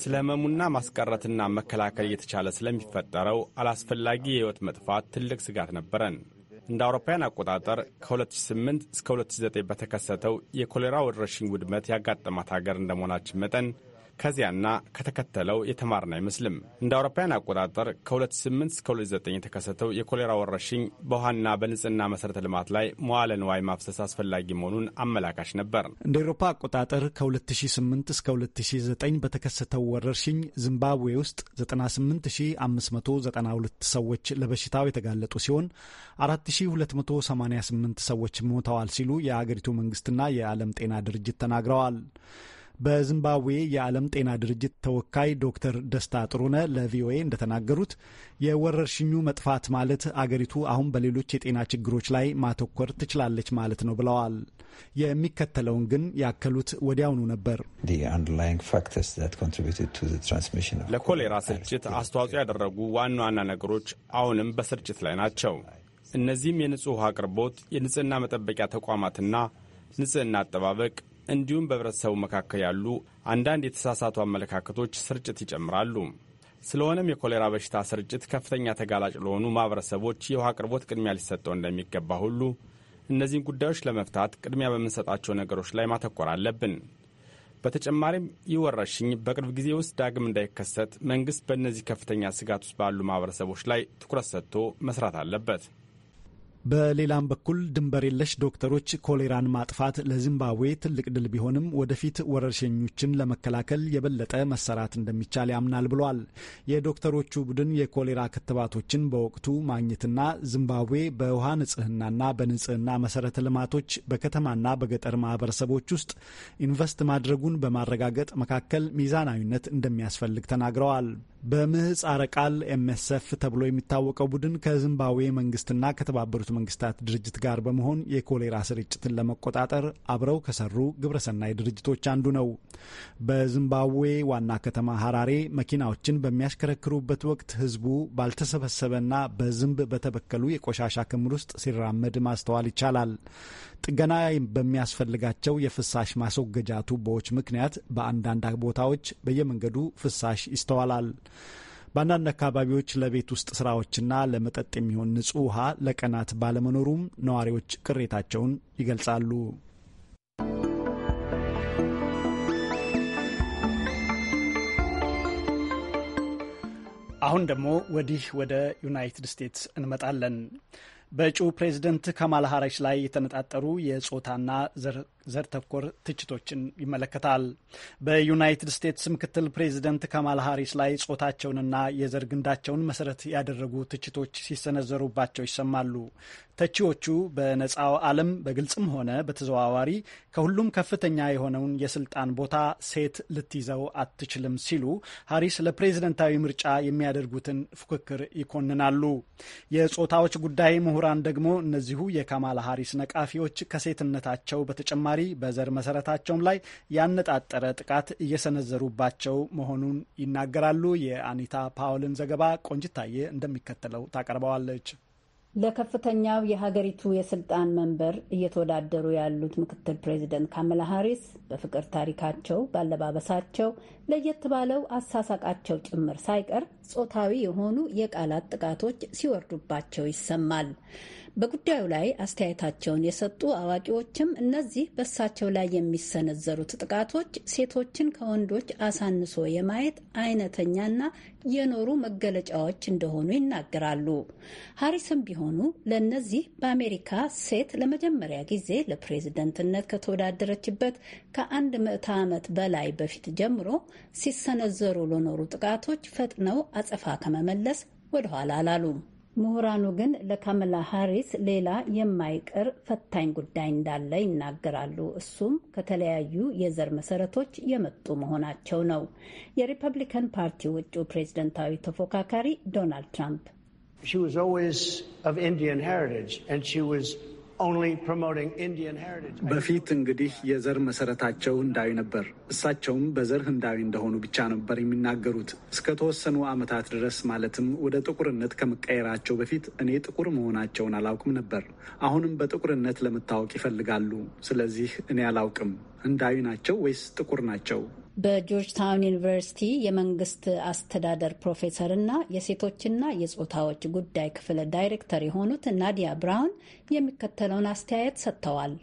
S6: ስለህመሙና ማስቀረትና መከላከል እየተቻለ ስለሚፈጠረው አላስፈላጊ የህይወት መጥፋት ትልቅ ስጋት ነበረን። እንደ አውሮፓውያን አቆጣጠር ከ2008 እስከ 2009 በተከሰተው የኮሌራ ወረርሽኝ ውድመት ያጋጠማት ሀገር እንደመሆናችን መጠን ከዚያና ከተከተለው የተማርን አይመስልም። እንደ አውሮፓውያን አቆጣጠር ከ 28 እስከ 29 የተከሰተው የኮሌራ ወረርሽኝ በውሃና በንጽህና መሠረተ ልማት ላይ መዋለ ንዋይ ማፍሰስ አስፈላጊ መሆኑን አመላካሽ ነበር።
S1: እንደ አውሮፓ አቆጣጠር ከ2008 እስከ 2009 በተከሰተው ወረርሽኝ ዚምባብዌ ውስጥ 98592 ሰዎች ለበሽታው የተጋለጡ ሲሆን 4288 ሰዎች ሞተዋል ሲሉ የአገሪቱ መንግስትና የዓለም ጤና ድርጅት ተናግረዋል። በዚምባብዌ የዓለም ጤና ድርጅት ተወካይ ዶክተር ደስታ ጥሩነ ለቪኦኤ እንደተናገሩት የወረርሽኙ መጥፋት ማለት አገሪቱ አሁን በሌሎች የጤና ችግሮች ላይ ማተኮር ትችላለች ማለት ነው ብለዋል። የሚከተለውን ግን ያከሉት ወዲያውኑ ነበር።
S6: ለኮሌራ ስርጭት አስተዋጽኦ ያደረጉ ዋና ዋና ነገሮች አሁንም በስርጭት ላይ ናቸው። እነዚህም የንጹህ ውሃ አቅርቦት፣ የንጽህና መጠበቂያ ተቋማትና ንጽህና አጠባበቅ እንዲሁም በህብረተሰቡ መካከል ያሉ አንዳንድ የተሳሳቱ አመለካከቶች ስርጭት ይጨምራሉ። ስለሆነም የኮሌራ በሽታ ስርጭት ከፍተኛ ተጋላጭ ለሆኑ ማህበረሰቦች የውሃ አቅርቦት ቅድሚያ ሊሰጠው እንደሚገባ ሁሉ እነዚህን ጉዳዮች ለመፍታት ቅድሚያ በምንሰጣቸው ነገሮች ላይ ማተኮር አለብን። በተጨማሪም ይህ ወረርሽኝ በቅርብ ጊዜ ውስጥ ዳግም እንዳይከሰት መንግስት በእነዚህ ከፍተኛ ስጋት ውስጥ ባሉ ማህበረሰቦች ላይ ትኩረት ሰጥቶ መስራት አለበት።
S1: በሌላም በኩል ድንበር የለሽ ዶክተሮች ኮሌራን ማጥፋት ለዚምባብዌ ትልቅ ድል ቢሆንም ወደፊት ወረርሸኞችን ለመከላከል የበለጠ መሰራት እንደሚቻል ያምናል ብሏል። የዶክተሮቹ ቡድን የኮሌራ ክትባቶችን በወቅቱ ማግኘትና ዚምባብዌ በውሃ ንጽህናና በንጽህና መሰረተ ልማቶች በከተማና በገጠር ማህበረሰቦች ውስጥ ኢንቨስት ማድረጉን በማረጋገጥ መካከል ሚዛናዊነት እንደሚያስፈልግ ተናግረዋል። በምህጻረ ቃል ኤምኤስኤፍ ተብሎ የሚታወቀው ቡድን ከዚምባብዌ መንግስትና ከተባበሩት መንግስታት ድርጅት ጋር በመሆን የኮሌራ ስርጭትን ለመቆጣጠር አብረው ከሰሩ ግብረሰናይ ድርጅቶች አንዱ ነው። በዚምባብዌ ዋና ከተማ ሀራሬ መኪናዎችን በሚያሽከረክሩበት ወቅት ህዝቡ ባልተሰበሰበና በዝንብ በተበከሉ የቆሻሻ ክምር ውስጥ ሲራመድ ማስተዋል ይቻላል። ጥገና በሚያስፈልጋቸው የፍሳሽ ማስወገጃ ቱቦዎች ምክንያት በአንዳንድ ቦታዎች በየመንገዱ ፍሳሽ ይስተዋላል። በአንዳንድ አካባቢዎች ለቤት ውስጥ ስራዎችና ለመጠጥ የሚሆን ንጹህ ውሃ ለቀናት ባለመኖሩም ነዋሪዎች ቅሬታቸውን ይገልጻሉ። አሁን ደግሞ ወዲህ ወደ ዩናይትድ ስቴትስ እንመጣለን። በእጩ ፕሬዝደንት ከማል ሀሪስ ላይ የተነጣጠሩ የጾታና ዘር ዘር ተኮር ትችቶችን ይመለከታል። በዩናይትድ ስቴትስ ምክትል ፕሬዚደንት ካማላ ሀሪስ ላይ ጾታቸውንና የዘር ግንዳቸውን መሰረት ያደረጉ ትችቶች ሲሰነዘሩባቸው ይሰማሉ። ተቺዎቹ በነፃው ዓለም በግልጽም ሆነ በተዘዋዋሪ ከሁሉም ከፍተኛ የሆነውን የስልጣን ቦታ ሴት ልትይዘው አትችልም ሲሉ ሀሪስ ለፕሬዝደንታዊ ምርጫ የሚያደርጉትን ፉክክር ይኮንናሉ። የጾታዎች ጉዳይ ምሁራን ደግሞ እነዚሁ የካማላ ሀሪስ ነቃፊዎች ከሴትነታቸው በተጨማ በተጨማሪ በዘር መሰረታቸውም ላይ ያነጣጠረ ጥቃት እየሰነዘሩባቸው መሆኑን ይናገራሉ። የአኒታ ፓውልን ዘገባ ቆንጅታዬ እንደሚከተለው ታቀርበዋለች።
S9: ለከፍተኛው የሀገሪቱ የስልጣን መንበር እየተወዳደሩ ያሉት ምክትል ፕሬዚደንት ካመላ ሀሪስ በፍቅር ታሪካቸው፣ ባለባበሳቸው፣ ለየት ባለው አሳሳቃቸው ጭምር ሳይቀር ጾታዊ የሆኑ የቃላት ጥቃቶች ሲወርዱባቸው ይሰማል። በጉዳዩ ላይ አስተያየታቸውን የሰጡ አዋቂዎችም እነዚህ በእሳቸው ላይ የሚሰነዘሩት ጥቃቶች ሴቶችን ከወንዶች አሳንሶ የማየት አይነተኛና የኖሩ መገለጫዎች እንደሆኑ ይናገራሉ። ሀሪስም ቢሆኑ ለእነዚህ በአሜሪካ ሴት ለመጀመሪያ ጊዜ ለፕሬዝደንትነት ከተወዳደረችበት ከአንድ ምዕተ ዓመት በላይ በፊት ጀምሮ ሲሰነዘሩ ለኖሩ ጥቃቶች ፈጥነው አጸፋ ከመመለስ ወደኋላ አላሉም። ምሁራኑ ግን ለካመላ ሃሪስ ሌላ የማይቀር ፈታኝ ጉዳይ እንዳለ ይናገራሉ። እሱም ከተለያዩ የዘር መሰረቶች የመጡ መሆናቸው ነው። የሪፐብሊካን ፓርቲ ውጩ ፕሬዝደንታዊ ተፎካካሪ ዶናልድ ትራምፕ
S1: በፊት እንግዲህ የዘር መሰረታቸው ህንዳዊ ነበር። እሳቸውም በዘር ህንዳዊ እንደሆኑ ብቻ ነበር የሚናገሩት። እስከ ተወሰኑ ዓመታት ድረስ ማለትም ወደ ጥቁርነት ከመቀየራቸው በፊት እኔ ጥቁር መሆናቸውን አላውቅም ነበር። አሁንም በጥቁርነት ለመታወቅ ይፈልጋሉ። ስለዚህ እኔ አላውቅም፣ ህንዳዊ ናቸው ወይስ ጥቁር ናቸው
S9: በጆርጅ ታውን ዩኒቨርሲቲ የመንግስት አስተዳደር ፕሮፌሰርና የሴቶችና የጾታዎች ጉዳይ ክፍል ዳይሬክተር የሆኑት ናዲያ ብራውን የሚከተለውን አስተያየት ሰጥተዋል።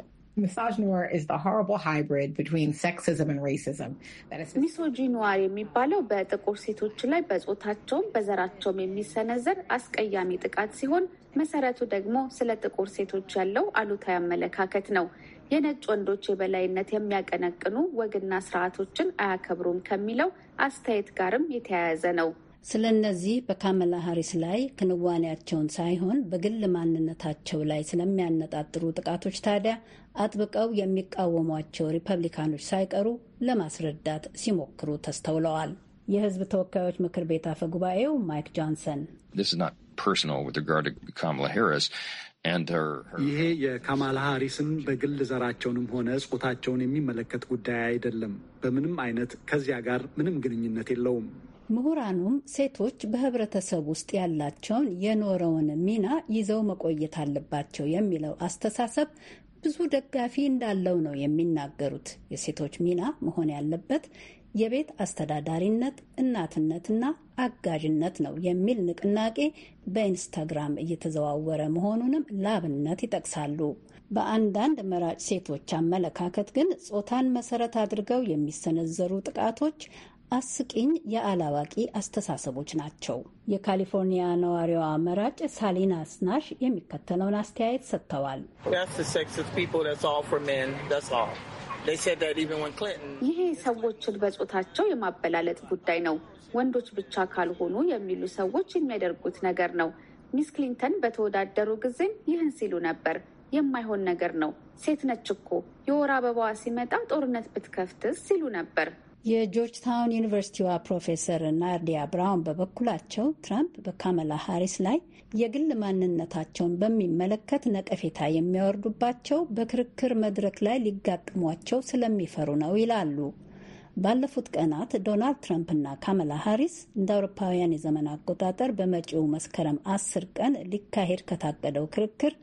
S10: ሚሶጂንዋር የሚባለው በጥቁር ሴቶች ላይ በጾታቸውም በዘራቸውም የሚሰነዘር አስቀያሚ ጥቃት ሲሆን መሰረቱ ደግሞ ስለ ጥቁር ሴቶች ያለው አሉታዊ አመለካከት ነው። የነጭ ወንዶች የበላይነት የሚያቀነቅኑ ወግና ስርዓቶችን አያከብሩም ከሚለው አስተያየት ጋርም የተያያዘ ነው።
S9: ስለ እነዚህ በካመላ ሀሪስ ላይ ክንዋኔያቸውን ሳይሆን በግል ማንነታቸው ላይ ስለሚያነጣጥሩ ጥቃቶች ታዲያ አጥብቀው የሚቃወሟቸው ሪፐብሊካኖች ሳይቀሩ ለማስረዳት ሲሞክሩ ተስተውለዋል። የሕዝብ ተወካዮች ምክር ቤት አፈ ጉባኤው ማይክ ጆንሰን
S2: ይሄ
S1: የካማላ ሃሪስን በግል ዘራቸውንም ሆነ ጾታቸውን የሚመለከት ጉዳይ አይደለም። በምንም አይነት ከዚያ ጋር ምንም ግንኙነት የለውም።
S9: ምሁራኑም ሴቶች በህብረተሰብ ውስጥ ያላቸውን የኖረውን ሚና ይዘው መቆየት አለባቸው የሚለው አስተሳሰብ ብዙ ደጋፊ እንዳለው ነው የሚናገሩት። የሴቶች ሚና መሆን ያለበት የቤት አስተዳዳሪነት፣ እናትነትና አጋዥነት ነው የሚል ንቅናቄ በኢንስታግራም እየተዘዋወረ መሆኑንም ላብነት ይጠቅሳሉ። በአንዳንድ መራጭ ሴቶች አመለካከት ግን ጾታን መሰረት አድርገው የሚሰነዘሩ ጥቃቶች አስቂኝ የአላዋቂ አስተሳሰቦች ናቸው። የካሊፎርኒያ ነዋሪዋ መራጭ ሳሊና ስናሽ የሚከተለውን አስተያየት ሰጥተዋል።
S10: ይሄ ሰዎችን በጾታቸው የማበላለጥ ጉዳይ ነው፣ ወንዶች ብቻ ካልሆኑ የሚሉ ሰዎች የሚያደርጉት ነገር ነው። ሚስ ክሊንተን በተወዳደሩ ጊዜም ይህን ሲሉ ነበር። የማይሆን ነገር ነው፣ ሴት ነች እኮ የወር አበባዋ ሲመጣ ጦርነት ብትከፍትስ ሲሉ ነበር።
S9: የጆርጅ ታውን ዩኒቨርሲቲዋ ፕሮፌሰር ናርዲያ ብራውን በበኩላቸው ትራምፕ በካመላ ሃሪስ ላይ የግል ማንነታቸውን በሚመለከት ነቀፌታ የሚያወርዱባቸው በክርክር መድረክ ላይ ሊጋጥሟቸው ስለሚፈሩ ነው ይላሉ። ባለፉት ቀናት ዶናልድ ትራምፕ እና ካመላ ሃሪስ እንደ አውሮፓውያን የዘመን አቆጣጠር በመጪው መስከረም አስር ቀን ሊካሄድ ከታቀደው ክርክር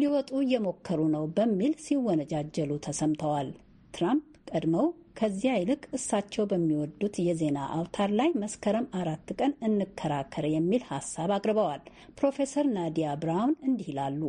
S9: ሊወጡ እየሞከሩ ነው በሚል ሲወነጃጀሉ ተሰምተዋል። ትራምፕ ቀድመው ከዚያ ይልቅ እሳቸው በሚወዱት የዜና አውታር ላይ መስከረም አራት ቀን እንከራከር የሚል ሀሳብ አቅርበዋል። ፕሮፌሰር ናዲያ ብራውን እንዲህ ይላሉ።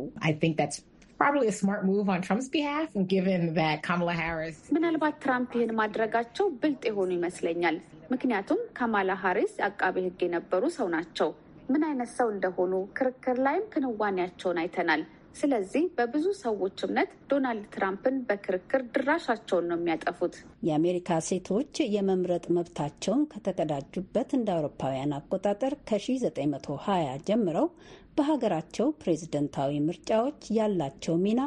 S10: ምናልባት ትራምፕ ይህን ማድረጋቸው ብልጥ የሆኑ ይመስለኛል። ምክንያቱም ካማላ ሃሪስ አቃቤ ሕግ የነበሩ ሰው ናቸው። ምን አይነት ሰው እንደሆኑ ክርክር ላይም ክንዋኔያቸውን አይተናል። ስለዚህ በብዙ ሰዎች እምነት ዶናልድ ትራምፕን በክርክር ድራሻቸውን ነው የሚያጠፉት።
S9: የአሜሪካ ሴቶች የመምረጥ መብታቸውን ከተቀዳጁበት እንደ አውሮፓውያን አቆጣጠር ከ1920 ጀምረው በሀገራቸው ፕሬዝደንታዊ ምርጫዎች ያላቸው ሚና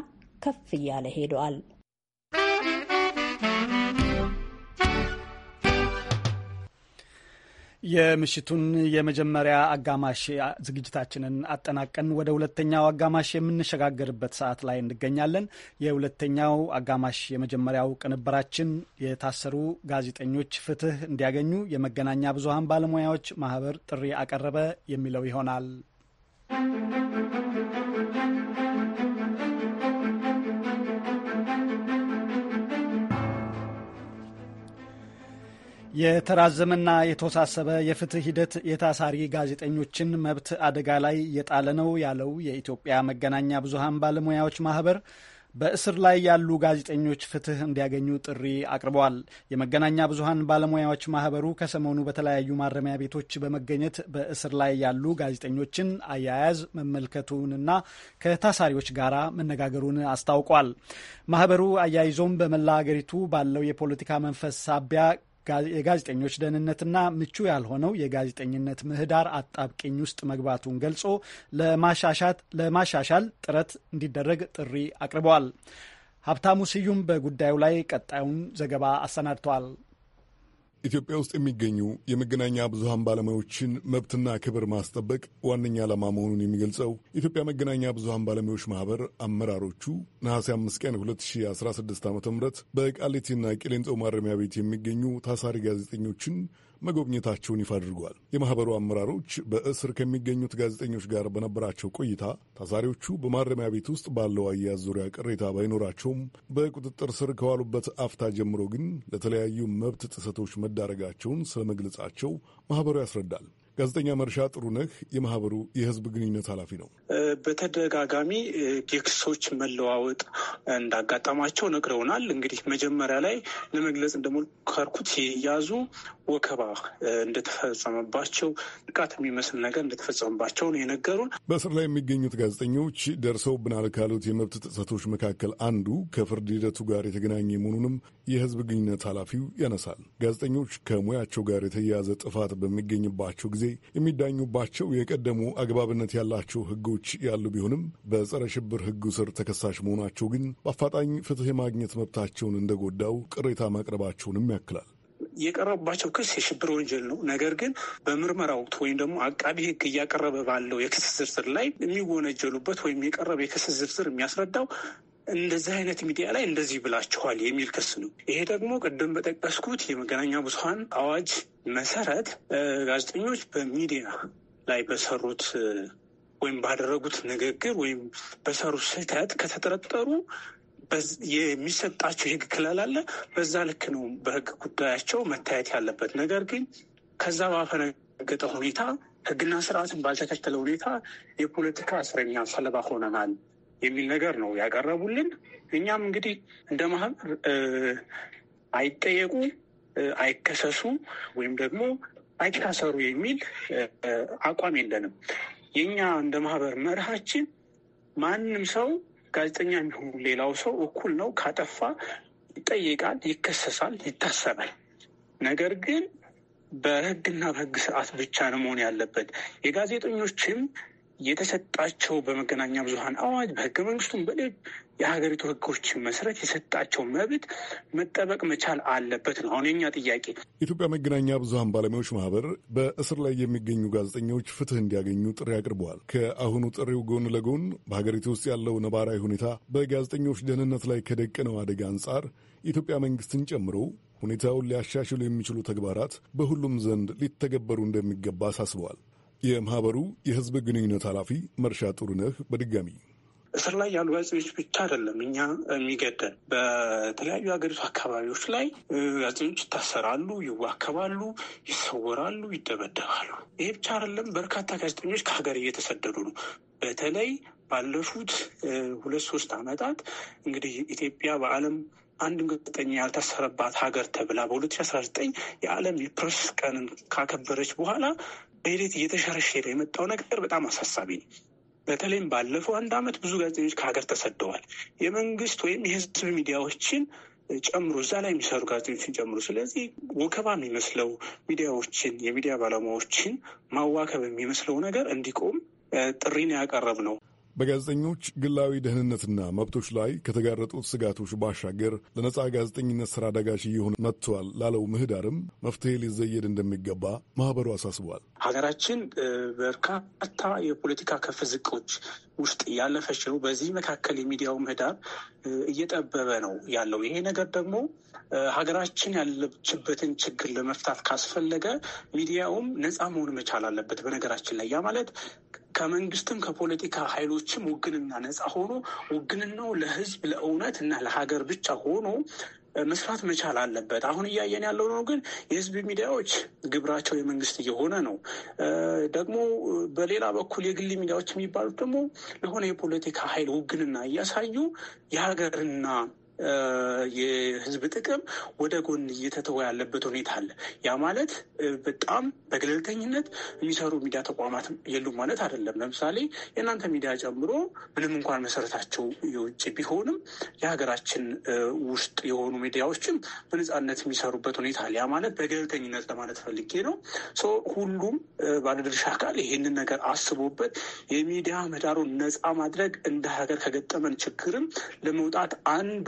S9: ከፍ እያለ ሄደዋል።
S1: የምሽቱን የመጀመሪያ አጋማሽ ዝግጅታችንን አጠናቀን ወደ ሁለተኛው አጋማሽ የምንሸጋገርበት ሰዓት ላይ እንገኛለን። የሁለተኛው አጋማሽ የመጀመሪያው ቅንብራችን የታሰሩ ጋዜጠኞች ፍትህ እንዲያገኙ የመገናኛ ብዙሃን ባለሙያዎች ማህበር ጥሪ አቀረበ የሚለው ይሆናል። የተራዘመና የተወሳሰበ የፍትህ ሂደት የታሳሪ ጋዜጠኞችን መብት አደጋ ላይ የጣለ ነው ያለው የኢትዮጵያ መገናኛ ብዙሃን ባለሙያዎች ማህበር በእስር ላይ ያሉ ጋዜጠኞች ፍትህ እንዲያገኙ ጥሪ አቅርበዋል። የመገናኛ ብዙሃን ባለሙያዎች ማህበሩ ከሰሞኑ በተለያዩ ማረሚያ ቤቶች በመገኘት በእስር ላይ ያሉ ጋዜጠኞችን አያያዝ መመልከቱንና ከታሳሪዎች ጋር መነጋገሩን አስታውቋል። ማህበሩ አያይዞም በመላ አገሪቱ ባለው የፖለቲካ መንፈስ ሳቢያ የጋዜጠኞች ደህንነትና ምቹ ያልሆነው የጋዜጠኝነት ምህዳር አጣብቂኝ ውስጥ መግባቱን ገልጾ ለማሻሻል ጥረት እንዲደረግ ጥሪ አቅርበዋል። ሀብታሙ ስዩም በጉዳዩ ላይ ቀጣዩን ዘገባ አሰናድተዋል።
S4: ኢትዮጵያ ውስጥ የሚገኙ የመገናኛ ብዙሃን ባለሙያዎችን መብትና ክብር ማስጠበቅ ዋነኛ ዓላማ መሆኑን የሚገልጸው የኢትዮጵያ መገናኛ ብዙሃን ባለሙያዎች ማህበር አመራሮቹ ነሐሴ 5 ቀን 2016 ዓ ም በቃሊቲና ቂሊንጦ ማረሚያ ቤት የሚገኙ ታሳሪ ጋዜጠኞችን መጎብኘታቸውን ይፋ አድርጓል። የማህበሩ አመራሮች በእስር ከሚገኙት ጋዜጠኞች ጋር በነበራቸው ቆይታ ታሳሪዎቹ በማረሚያ ቤት ውስጥ ባለው አያያዝ ዙሪያ ቅሬታ ባይኖራቸውም በቁጥጥር ስር ከዋሉበት አፍታ ጀምሮ ግን ለተለያዩ መብት ጥሰቶች መዳረጋቸውን ስለመግለጻቸው ማህበሩ ያስረዳል። ጋዜጠኛ መርሻ ጥሩነህ የማህበሩ የህዝብ ግንኙነት ኃላፊ ነው።
S8: በተደጋጋሚ የክሶች መለዋወጥ እንዳጋጠማቸው ነግረውናል። እንግዲህ መጀመሪያ ላይ ለመግለጽ እንደሞከርኩት የያዙ ወከባ እንደተፈጸመባቸው፣ ጥቃት የሚመስል ነገር እንደተፈጸመባቸው
S4: ነው የነገሩን። በእስር ላይ የሚገኙት ጋዜጠኞች ደርሰውብናል ካሉት የመብት ጥሰቶች መካከል አንዱ ከፍርድ ሂደቱ ጋር የተገናኘ መሆኑንም የህዝብ ግንኙነት ኃላፊው ያነሳል። ጋዜጠኞች ከሙያቸው ጋር የተያያዘ ጥፋት በሚገኝባቸው ጊዜ ጊዜ የሚዳኙባቸው የቀደሙ አግባብነት ያላቸው ህጎች ያሉ ቢሆንም በጸረ ሽብር ህጉ ስር ተከሳሽ መሆናቸው ግን በአፋጣኝ ፍትህ የማግኘት መብታቸውን እንደጎዳው ቅሬታ ማቅረባቸውንም ያክላል።
S8: የቀረቡባቸው ክስ የሽብር ወንጀል ነው። ነገር ግን በምርመራ ወቅት ወይም ደግሞ አቃቢ ህግ እያቀረበ ባለው የክስ ዝርዝር ላይ የሚወነጀሉበት ወይም የቀረበ የክስ ዝርዝር የሚያስረዳው እንደዚህ አይነት ሚዲያ ላይ እንደዚህ ብላችኋል የሚል ክስ ነው። ይሄ ደግሞ ቅድም በጠቀስኩት የመገናኛ ብዙሀን አዋጅ መሰረት ጋዜጠኞች በሚዲያ ላይ በሰሩት ወይም ባደረጉት ንግግር ወይም በሰሩት ስህተት ከተጠረጠሩ የሚሰጣቸው የህግ ክልል አለ። በዛ ልክ ነው በህግ ጉዳያቸው መታየት ያለበት። ነገር ግን ከዛ ባፈነገጠ ሁኔታ ህግና ስርዓትን ባልተከተለ ሁኔታ የፖለቲካ እስረኛ ሰለባ ሆነናል የሚል ነገር ነው ያቀረቡልን። እኛም እንግዲህ እንደ ማህበር አይጠየቁ፣ አይከሰሱ ወይም ደግሞ አይታሰሩ የሚል አቋም የለንም። የእኛ እንደ ማህበር መርሃችን ማንም ሰው ጋዜጠኛ የሚሆኑ ሌላው ሰው እኩል ነው። ካጠፋ ይጠየቃል፣ ይከሰሳል፣ ይታሰራል። ነገር ግን በህግና በህግ ስርዓት ብቻ ነው መሆን ያለበት። የጋዜጠኞችም የተሰጣቸው በመገናኛ ብዙሀን አዋጅ በህገ መንግስቱም በሌሎች የሀገሪቱ ህጎች መሰረት የሰጣቸው መብት መጠበቅ መቻል አለበት ነው አሁን የኛ ጥያቄ።
S4: የኢትዮጵያ መገናኛ ብዙሀን ባለሙያዎች ማህበር በእስር ላይ የሚገኙ ጋዜጠኞች ፍትህ እንዲያገኙ ጥሪ አቅርበዋል። ከአሁኑ ጥሪው ጎን ለጎን በሀገሪቱ ውስጥ ያለው ነባራዊ ሁኔታ በጋዜጠኞች ደህንነት ላይ ከደቀነው አደጋ አንጻር የኢትዮጵያ መንግስትን ጨምሮ ሁኔታውን ሊያሻሽሉ የሚችሉ ተግባራት በሁሉም ዘንድ ሊተገበሩ እንደሚገባ አሳስበዋል። የማህበሩ የህዝብ ግንኙነት ኃላፊ መርሻ ጥሩነህ በድጋሚ
S8: እስር ላይ ያሉ ጋዜጠኞች ብቻ አይደለም እኛ የሚገደን በተለያዩ ሀገሪቱ አካባቢዎች ላይ ጋዜጠኞች ይታሰራሉ፣ ይዋከባሉ፣ ይሰወራሉ፣ ይደበደባሉ። ይሄ ብቻ አይደለም። በርካታ ጋዜጠኞች ከሀገር እየተሰደዱ ነው። በተለይ ባለፉት ሁለት ሶስት ዓመታት እንግዲህ ኢትዮጵያ በዓለም አንድ ጋዜጠኛ ያልታሰረባት ሀገር ተብላ በ2019 የዓለም የፕሬስ ቀንን ካከበረች በኋላ በሂደት እየተሸረሸረ የመጣው ነገር በጣም አሳሳቢ ነው። በተለይም ባለፈው አንድ ዓመት ብዙ ጋዜጠኞች ከሀገር ተሰደዋል። የመንግስት ወይም የህዝብ ሚዲያዎችን ጨምሮ እዛ ላይ የሚሰሩ ጋዜጠኞችን ጨምሮ። ስለዚህ ወከባ የሚመስለው ሚዲያዎችን የሚዲያ ባለሙያዎችን ማዋከብ የሚመስለው ነገር እንዲቆም ጥሪን ያቀረብ ነው።
S4: በጋዜጠኞች ግላዊ ደህንነትና መብቶች ላይ ከተጋረጡት ስጋቶች ባሻገር ለነጻ ጋዜጠኝነት ስራ አዳጋች እየሆነ መጥተዋል ላለው ምህዳርም መፍትሄ ሊዘየድ እንደሚገባ ማህበሩ አሳስቧል።
S8: ሀገራችን በርካታ የፖለቲካ ከፍ ዝቆች ውስጥ ያለፈች ነው። በዚህ መካከል የሚዲያው ምህዳር እየጠበበ ነው ያለው። ይሄ ነገር ደግሞ ሀገራችን ያለችበትን ችግር ለመፍታት ካስፈለገ ሚዲያውም ነፃ መሆን መቻል አለበት። በነገራችን ላይ ያ ማለት ከመንግስትም ከፖለቲካ ኃይሎችም ውግንና ነፃ ሆኖ ውግንናው ለህዝብ ለእውነት እና ለሀገር ብቻ ሆኖ መስራት መቻል አለበት። አሁን እያየን ያለው ነው። ግን የህዝብ ሚዲያዎች ግብራቸው የመንግስት እየሆነ ነው። ደግሞ በሌላ በኩል የግል ሚዲያዎች የሚባሉት ደግሞ ለሆነ የፖለቲካ ኃይል ውግንና እያሳዩ የሀገርና የህዝብ ጥቅም ወደ ጎን እየተተወ ያለበት ሁኔታ አለ። ያ ማለት በጣም በገለልተኝነት የሚሰሩ ሚዲያ ተቋማት የሉም ማለት አይደለም። ለምሳሌ የእናንተ ሚዲያ ጨምሮ ምንም እንኳን መሰረታቸው የውጭ ቢሆንም የሀገራችን ውስጥ የሆኑ ሚዲያዎችም በነጻነት የሚሰሩበት ሁኔታ አለ። ያ ማለት በገለልተኝነት ለማለት ፈልጌ ነው። ሁሉም ባለድርሻ አካል ይህንን ነገር አስቦበት የሚዲያ ምህዳሩን ነፃ ማድረግ እንደ ሀገር ከገጠመን ችግርም ለመውጣት አንዱ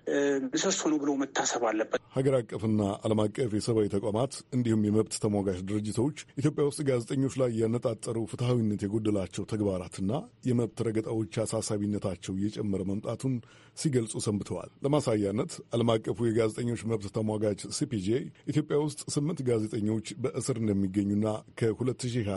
S8: ምሰሶ ነው ብሎ መታሰብ አለበት።
S4: ሀገር አቀፍና ዓለም አቀፍ የሰብአዊ ተቋማት እንዲሁም የመብት ተሟጋች ድርጅቶች ኢትዮጵያ ውስጥ ጋዜጠኞች ላይ ያነጣጠሩ ፍትሐዊነት የጎደላቸው ተግባራትና የመብት ረገጣዎች አሳሳቢነታቸው እየጨመረ መምጣቱን ሲገልጹ ሰንብተዋል። ለማሳያነት ዓለም አቀፉ የጋዜጠኞች መብት ተሟጋች ሲፒጄ ኢትዮጵያ ውስጥ ስምንት ጋዜጠኞች በእስር እንደሚገኙና ከ2020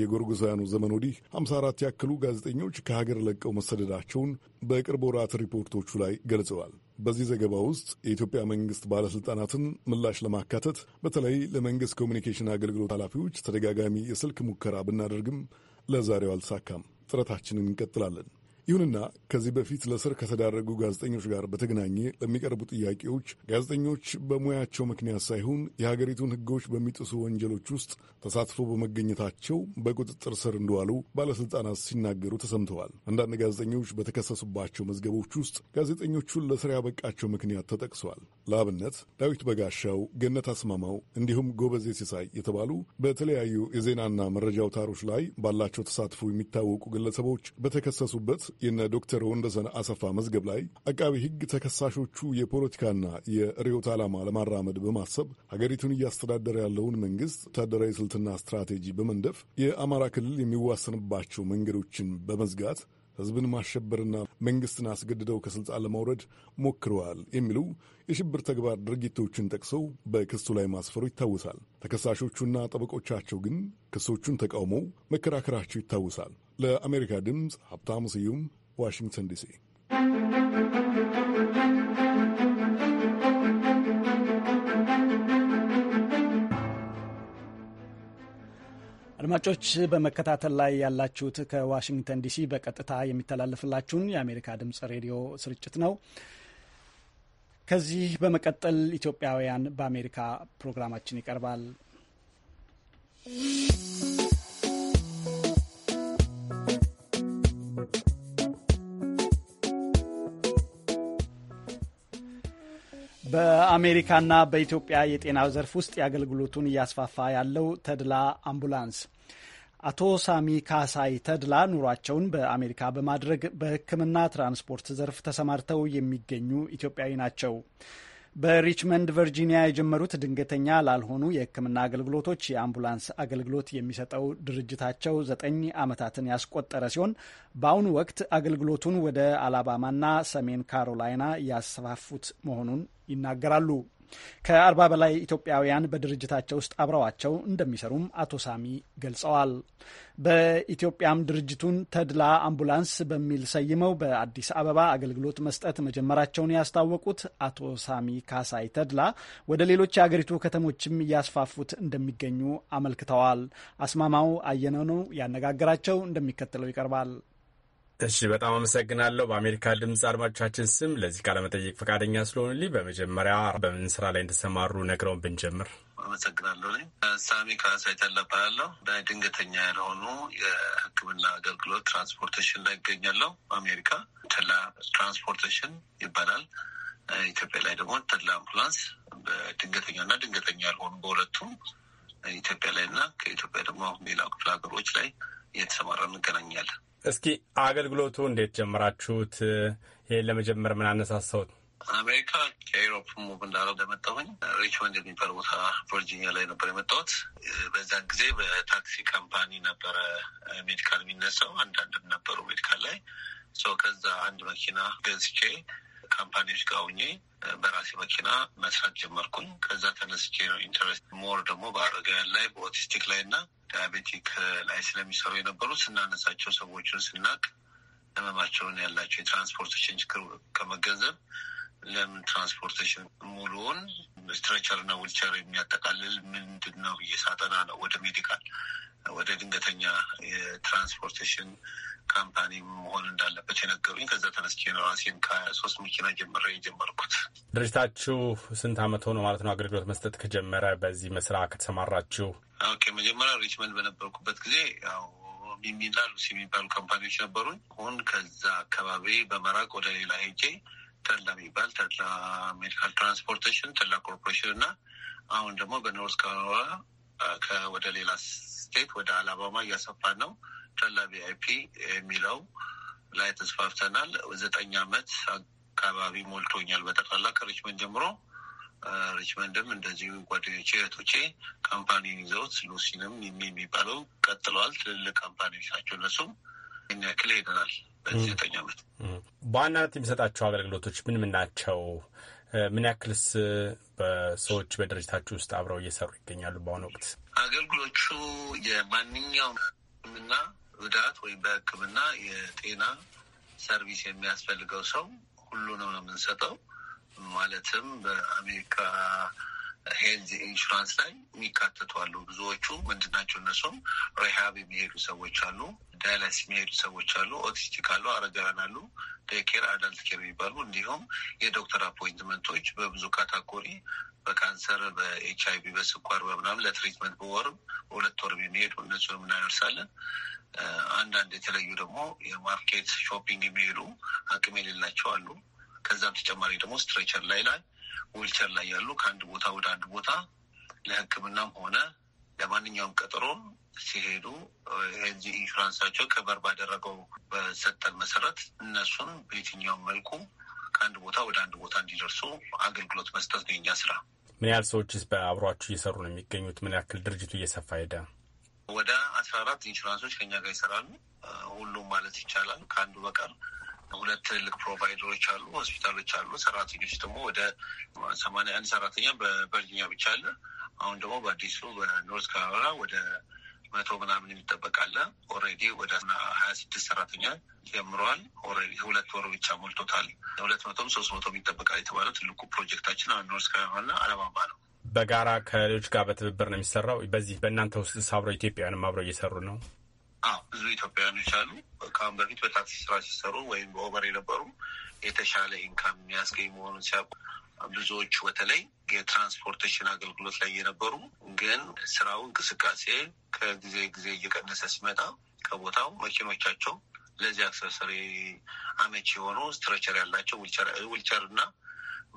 S4: የጎርጎሳውያኑ ዘመን ወዲህ 54 ያክሉ ጋዜጠኞች ከሀገር ለቀው መሰደዳቸውን በቅርብ ወራት ሪፖርቶቹ ላይ ገልጸዋል። በዚህ ዘገባ ውስጥ የኢትዮጵያ መንግስት ባለስልጣናትን ምላሽ ለማካተት በተለይ ለመንግስት ኮሚኒኬሽን አገልግሎት ኃላፊዎች ተደጋጋሚ የስልክ ሙከራ ብናደርግም ለዛሬው አልተሳካም። ጥረታችንን እንቀጥላለን። ይሁንና ከዚህ በፊት ለስር ከተዳረጉ ጋዜጠኞች ጋር በተገናኘ ለሚቀርቡ ጥያቄዎች ጋዜጠኞች በሙያቸው ምክንያት ሳይሆን የሀገሪቱን ሕጎች በሚጥሱ ወንጀሎች ውስጥ ተሳትፎ በመገኘታቸው በቁጥጥር ስር እንደዋሉ ባለስልጣናት ሲናገሩ ተሰምተዋል። አንዳንድ ጋዜጠኞች በተከሰሱባቸው መዝገቦች ውስጥ ጋዜጠኞቹን ለስር ያበቃቸው ምክንያት ተጠቅሷል። ለአብነት ዳዊት በጋሻው፣ ገነት አስማማው እንዲሁም ጎበዜ ሲሳይ የተባሉ በተለያዩ የዜናና መረጃ አውታሮች ላይ ባላቸው ተሳትፎ የሚታወቁ ግለሰቦች በተከሰሱበት የነ ዶክተር ወንደሰን አሰፋ መዝገብ ላይ አቃቢ ሕግ ተከሳሾቹ የፖለቲካና የርዕዮት ዓላማ ለማራመድ በማሰብ ሀገሪቱን እያስተዳደረ ያለውን መንግስት ወታደራዊ ስልትና ስትራቴጂ በመንደፍ የአማራ ክልል የሚዋሰንባቸው መንገዶችን በመዝጋት ህዝብን ማሸበርና መንግስትን አስገድደው ከስልጣን ለማውረድ ሞክረዋል የሚሉ የሽብር ተግባር ድርጊቶችን ጠቅሰው በክሱ ላይ ማስፈሩ ይታወሳል። ተከሳሾቹና ጠበቆቻቸው ግን ክሶቹን ተቃውመው መከራከራቸው ይታወሳል። ለአሜሪካ ድምፅ ሀብታሙ ስዩም ዋሽንግተን ዲሲ።
S1: አድማጮች በመከታተል ላይ ያላችሁት ከዋሽንግተን ዲሲ በቀጥታ የሚተላለፍላችሁን የአሜሪካ ድምፅ ሬዲዮ ስርጭት ነው። ከዚህ በመቀጠል ኢትዮጵያውያን በአሜሪካ ፕሮግራማችን ይቀርባል። በአሜሪካና በኢትዮጵያ የጤና ዘርፍ ውስጥ የአገልግሎቱን እያስፋፋ ያለው ተድላ አምቡላንስ አቶ ሳሚ ካሳይ ተድላ ኑሯቸውን በአሜሪካ በማድረግ በሕክምና ትራንስፖርት ዘርፍ ተሰማርተው የሚገኙ ኢትዮጵያዊ ናቸው። በሪችመንድ ቨርጂኒያ የጀመሩት ድንገተኛ ላልሆኑ የሕክምና አገልግሎቶች የአምቡላንስ አገልግሎት የሚሰጠው ድርጅታቸው ዘጠኝ ዓመታትን ያስቆጠረ ሲሆን በአሁኑ ወቅት አገልግሎቱን ወደ አላባማና ሰሜን ካሮላይና ያስፋፉት መሆኑን ይናገራሉ። ከአርባ በላይ ኢትዮጵያውያን በድርጅታቸው ውስጥ አብረዋቸው እንደሚሰሩም አቶ ሳሚ ገልጸዋል። በኢትዮጵያም ድርጅቱን ተድላ አምቡላንስ በሚል ሰይመው በአዲስ አበባ አገልግሎት መስጠት መጀመራቸውን ያስታወቁት አቶ ሳሚ ካሳይ ተድላ ወደ ሌሎች የአገሪቱ ከተሞችም እያስፋፉት እንደሚገኙ አመልክተዋል። አስማማው አየነ ነው ያነጋገራቸው፣ እንደሚከተለው ይቀርባል።
S6: እሺ በጣም አመሰግናለሁ። በአሜሪካ ድምፅ አድማጮቻችን ስም ለዚህ ቃለመጠይቅ ፈቃደኛ ስለሆኑልኝ በመጀመሪያ በምን ስራ ላይ እንደተሰማሩ ነግረውን ብንጀምር።
S5: አመሰግናለሁ። እኔ ሳሚ ካሳይተላ እባላለሁ። በድንገተኛ ያልሆኑ የሕክምና አገልግሎት ትራንስፖርቴሽን ላይ ይገኛለሁ። አሜሪካ ተላ ትራንስፖርቴሽን ይባላል። ኢትዮጵያ ላይ ደግሞ ተላ አምቡላንስ በድንገተኛ ድንገተኛ ያልሆኑ በሁለቱም ኢትዮጵያ ላይ እና ከኢትዮጵያ ደግሞ ሌላ ክፍለ ሀገሮች ላይ እየተሰማራ እንገናኛለን።
S6: እስኪ አገልግሎቱ እንዴት ጀምራችሁት? ይህን ለመጀመር ምን አነሳሳውት?
S5: አሜሪካ ከኤሮፕ ሙቭ እንዳለ እንደመጣሁኝ ሪችመንድ የሚባል ቦታ ቨርጂኒያ ላይ ነበር የመጣሁት። በዛን ጊዜ በታክሲ ካምፓኒ ነበረ ሜዲካል የሚነሳው አንዳንድም ነበሩ ሜዲካል ላይ ከዛ አንድ መኪና ገዝቼ ካምፓኒዎች ጋር ሁኜ በራሴ መኪና መስራት ጀመርኩኝ። ከዛ ተነስቼ ነው ኢንተረስት ሞር ደግሞ በአረጋውያን ላይ በኦቲስቲክ ላይ እና ዲያቤቲክ ላይ ስለሚሰሩ የነበሩ ስናነሳቸው ሰዎችን ስናቅ ህመማቸውን ያላቸው የትራንስፖርቴሽን ችግር ከመገንዘብ ለምን ትራንስፖርቴሽን ሙሉውን ስትረቸር እና ዊልቸር የሚያጠቃልል ምንድን ነው ብዬ ሳጠና ነው ወደ ሜዲካል ወደ ድንገተኛ የትራንስፖርቴሽን ካምፓኒ መሆን እንዳለበት የነገሩኝ። ከዛ ተነስቼ ነው ራሴን ከሶስት መኪና
S6: ጀምረ የጀመርኩት። ድርጅታችሁ ስንት አመት ሆኖ ማለት ነው አገልግሎት መስጠት ከጀመረ በዚህ መስራ ከተሰማራችሁ?
S5: ኦኬ መጀመሪያ ሪችመንድ በነበርኩበት ጊዜ ያው ሚሚና ሉሲ የሚባሉ ካምፓኒዎች ነበሩኝ። ሁን ከዛ አካባቢ በመራቅ ወደ ሌላ ሄጄ ተላ የሚባል ተላ ሜዲካል ትራንስፖርቴሽን፣ ተላ ኮርፖሬሽን እና አሁን ደግሞ በኖርስ ካሮላይና ወደ ሌላ ስቴት ወደ አላባማ እያሰፋን ነው። ጠላ ቪአይፒ የሚለው ላይ ተስፋፍተናል። ዘጠኝ አመት አካባቢ ሞልቶኛል። በጠቅላላ ከሪችመንድ ጀምሮ ሪችመንድም እንደዚሁ ጓደኞቼ እህቶቼ ካምፓኒን ይዘውት ሉሲንም ሚሚ የሚባለው ቀጥለዋል። ትልልቅ ካምፓኒዎች ናቸው። እነሱም እኛ ክል ሄደናል።
S6: በዚህ ዘጠኝ አመት በዋናነት የሚሰጣቸው አገልግሎቶች ምን ምን ናቸው? ምን ያክልስ በሰዎች በድርጅታችሁ ውስጥ አብረው እየሰሩ ይገኛሉ? በአሁኑ ወቅት
S5: አገልግሎቹ የማንኛውም ሕክምና ጉዳት ወይም በሕክምና የጤና ሰርቪስ የሚያስፈልገው ሰው ሁሉ ነው የምንሰጠው። ማለትም በአሜሪካ ሄልዝ ኢንሹራንስ ላይ የሚካተቱ አሉ። ብዙዎቹ ምንድናቸው? እነሱም ሪሃብ የሚሄዱ ሰዎች አሉ፣ ዳያላስ የሚሄዱ ሰዎች አሉ፣ ኦቲስቲክ አሉ፣ አረጋውያን አሉ፣ ዴይኬር አዳልት ኬር የሚባሉ እንዲሁም የዶክተር አፖይንትመንቶች በብዙ ካታጎሪ በካንሰር፣ በኤች አይ ቪ፣ በስኳር፣ በምናምን ለትሪትመንት በወርም በሁለት ወርም የሚሄዱ እነሱንም እናደርሳለን። አንዳንድ የተለዩ ደግሞ የማርኬት ሾፒንግ የሚሄዱ አቅም የሌላቸው አሉ። ከዛ በተጨማሪ ደግሞ ስትሬቸር ላይ ላይ ዊልቸር ላይ ያሉ ከአንድ ቦታ ወደ አንድ ቦታ ለሕክምናም ሆነ ለማንኛውም ቀጠሮ ሲሄዱ የዚህ ኢንሹራንሳቸው ከበር ባደረገው በሰጠን መሰረት እነሱን በየትኛውም መልኩ ከአንድ ቦታ ወደ አንድ ቦታ እንዲደርሱ አገልግሎት መስጠት ነው የኛ ስራ።
S6: ምን ያህል ሰዎችስ በአብሯችሁ እየሰሩ ነው የሚገኙት? ምን ያክል ድርጅቱ እየሰፋ ሄደ?
S5: ወደ አስራ አራት ኢንሹራንሶች ከኛ ጋር ይሰራሉ። ሁሉም ማለት ይቻላል ከአንዱ በቀር ሁለት ትልልቅ ፕሮቫይደሮች አሉ፣ ሆስፒታሎች አሉ። ሰራተኞች ደግሞ ወደ ሰማንያ አንድ ሰራተኛ በቨርጂኒያ ብቻ አለ። አሁን ደግሞ በአዲሱ በኖርት ካሮላይና ወደ መቶ ምናምን የሚጠበቃለ ኦልሬዲ ወደ ሀያ ስድስት ሰራተኛ ጀምረዋል። ኦልሬዲ ሁለት ወር ብቻ ሞልቶታል። ሁለት መቶም ሶስት መቶ ይጠበቃል የተባለው ትልቁ ፕሮጀክታችን አሁን ኖርዝ ካሮላይና አለማማ ነው።
S6: በጋራ ከሌሎች ጋር በትብብር ነው የሚሰራው። በዚህ በእናንተ ውስጥ አብረው ኢትዮጵያውያንም አብረው እየሰሩ ነው
S5: አዎ ብዙ ኢትዮጵያውያኖች አሉ። ከአሁን በፊት በታክሲ ስራ ሲሰሩ ወይም በኦበር የነበሩ የተሻለ ኢንካም የሚያስገኝ መሆኑን ሲያውቁ ብዙዎቹ በተለይ የትራንስፖርቴሽን አገልግሎት ላይ የነበሩ ግን ስራው እንቅስቃሴ ከጊዜ ጊዜ እየቀነሰ ሲመጣ ከቦታው መኪኖቻቸው ለዚህ አክሰሰሪ አመቺ የሆኑ ስትረቸር ያላቸው ዊልቸር እና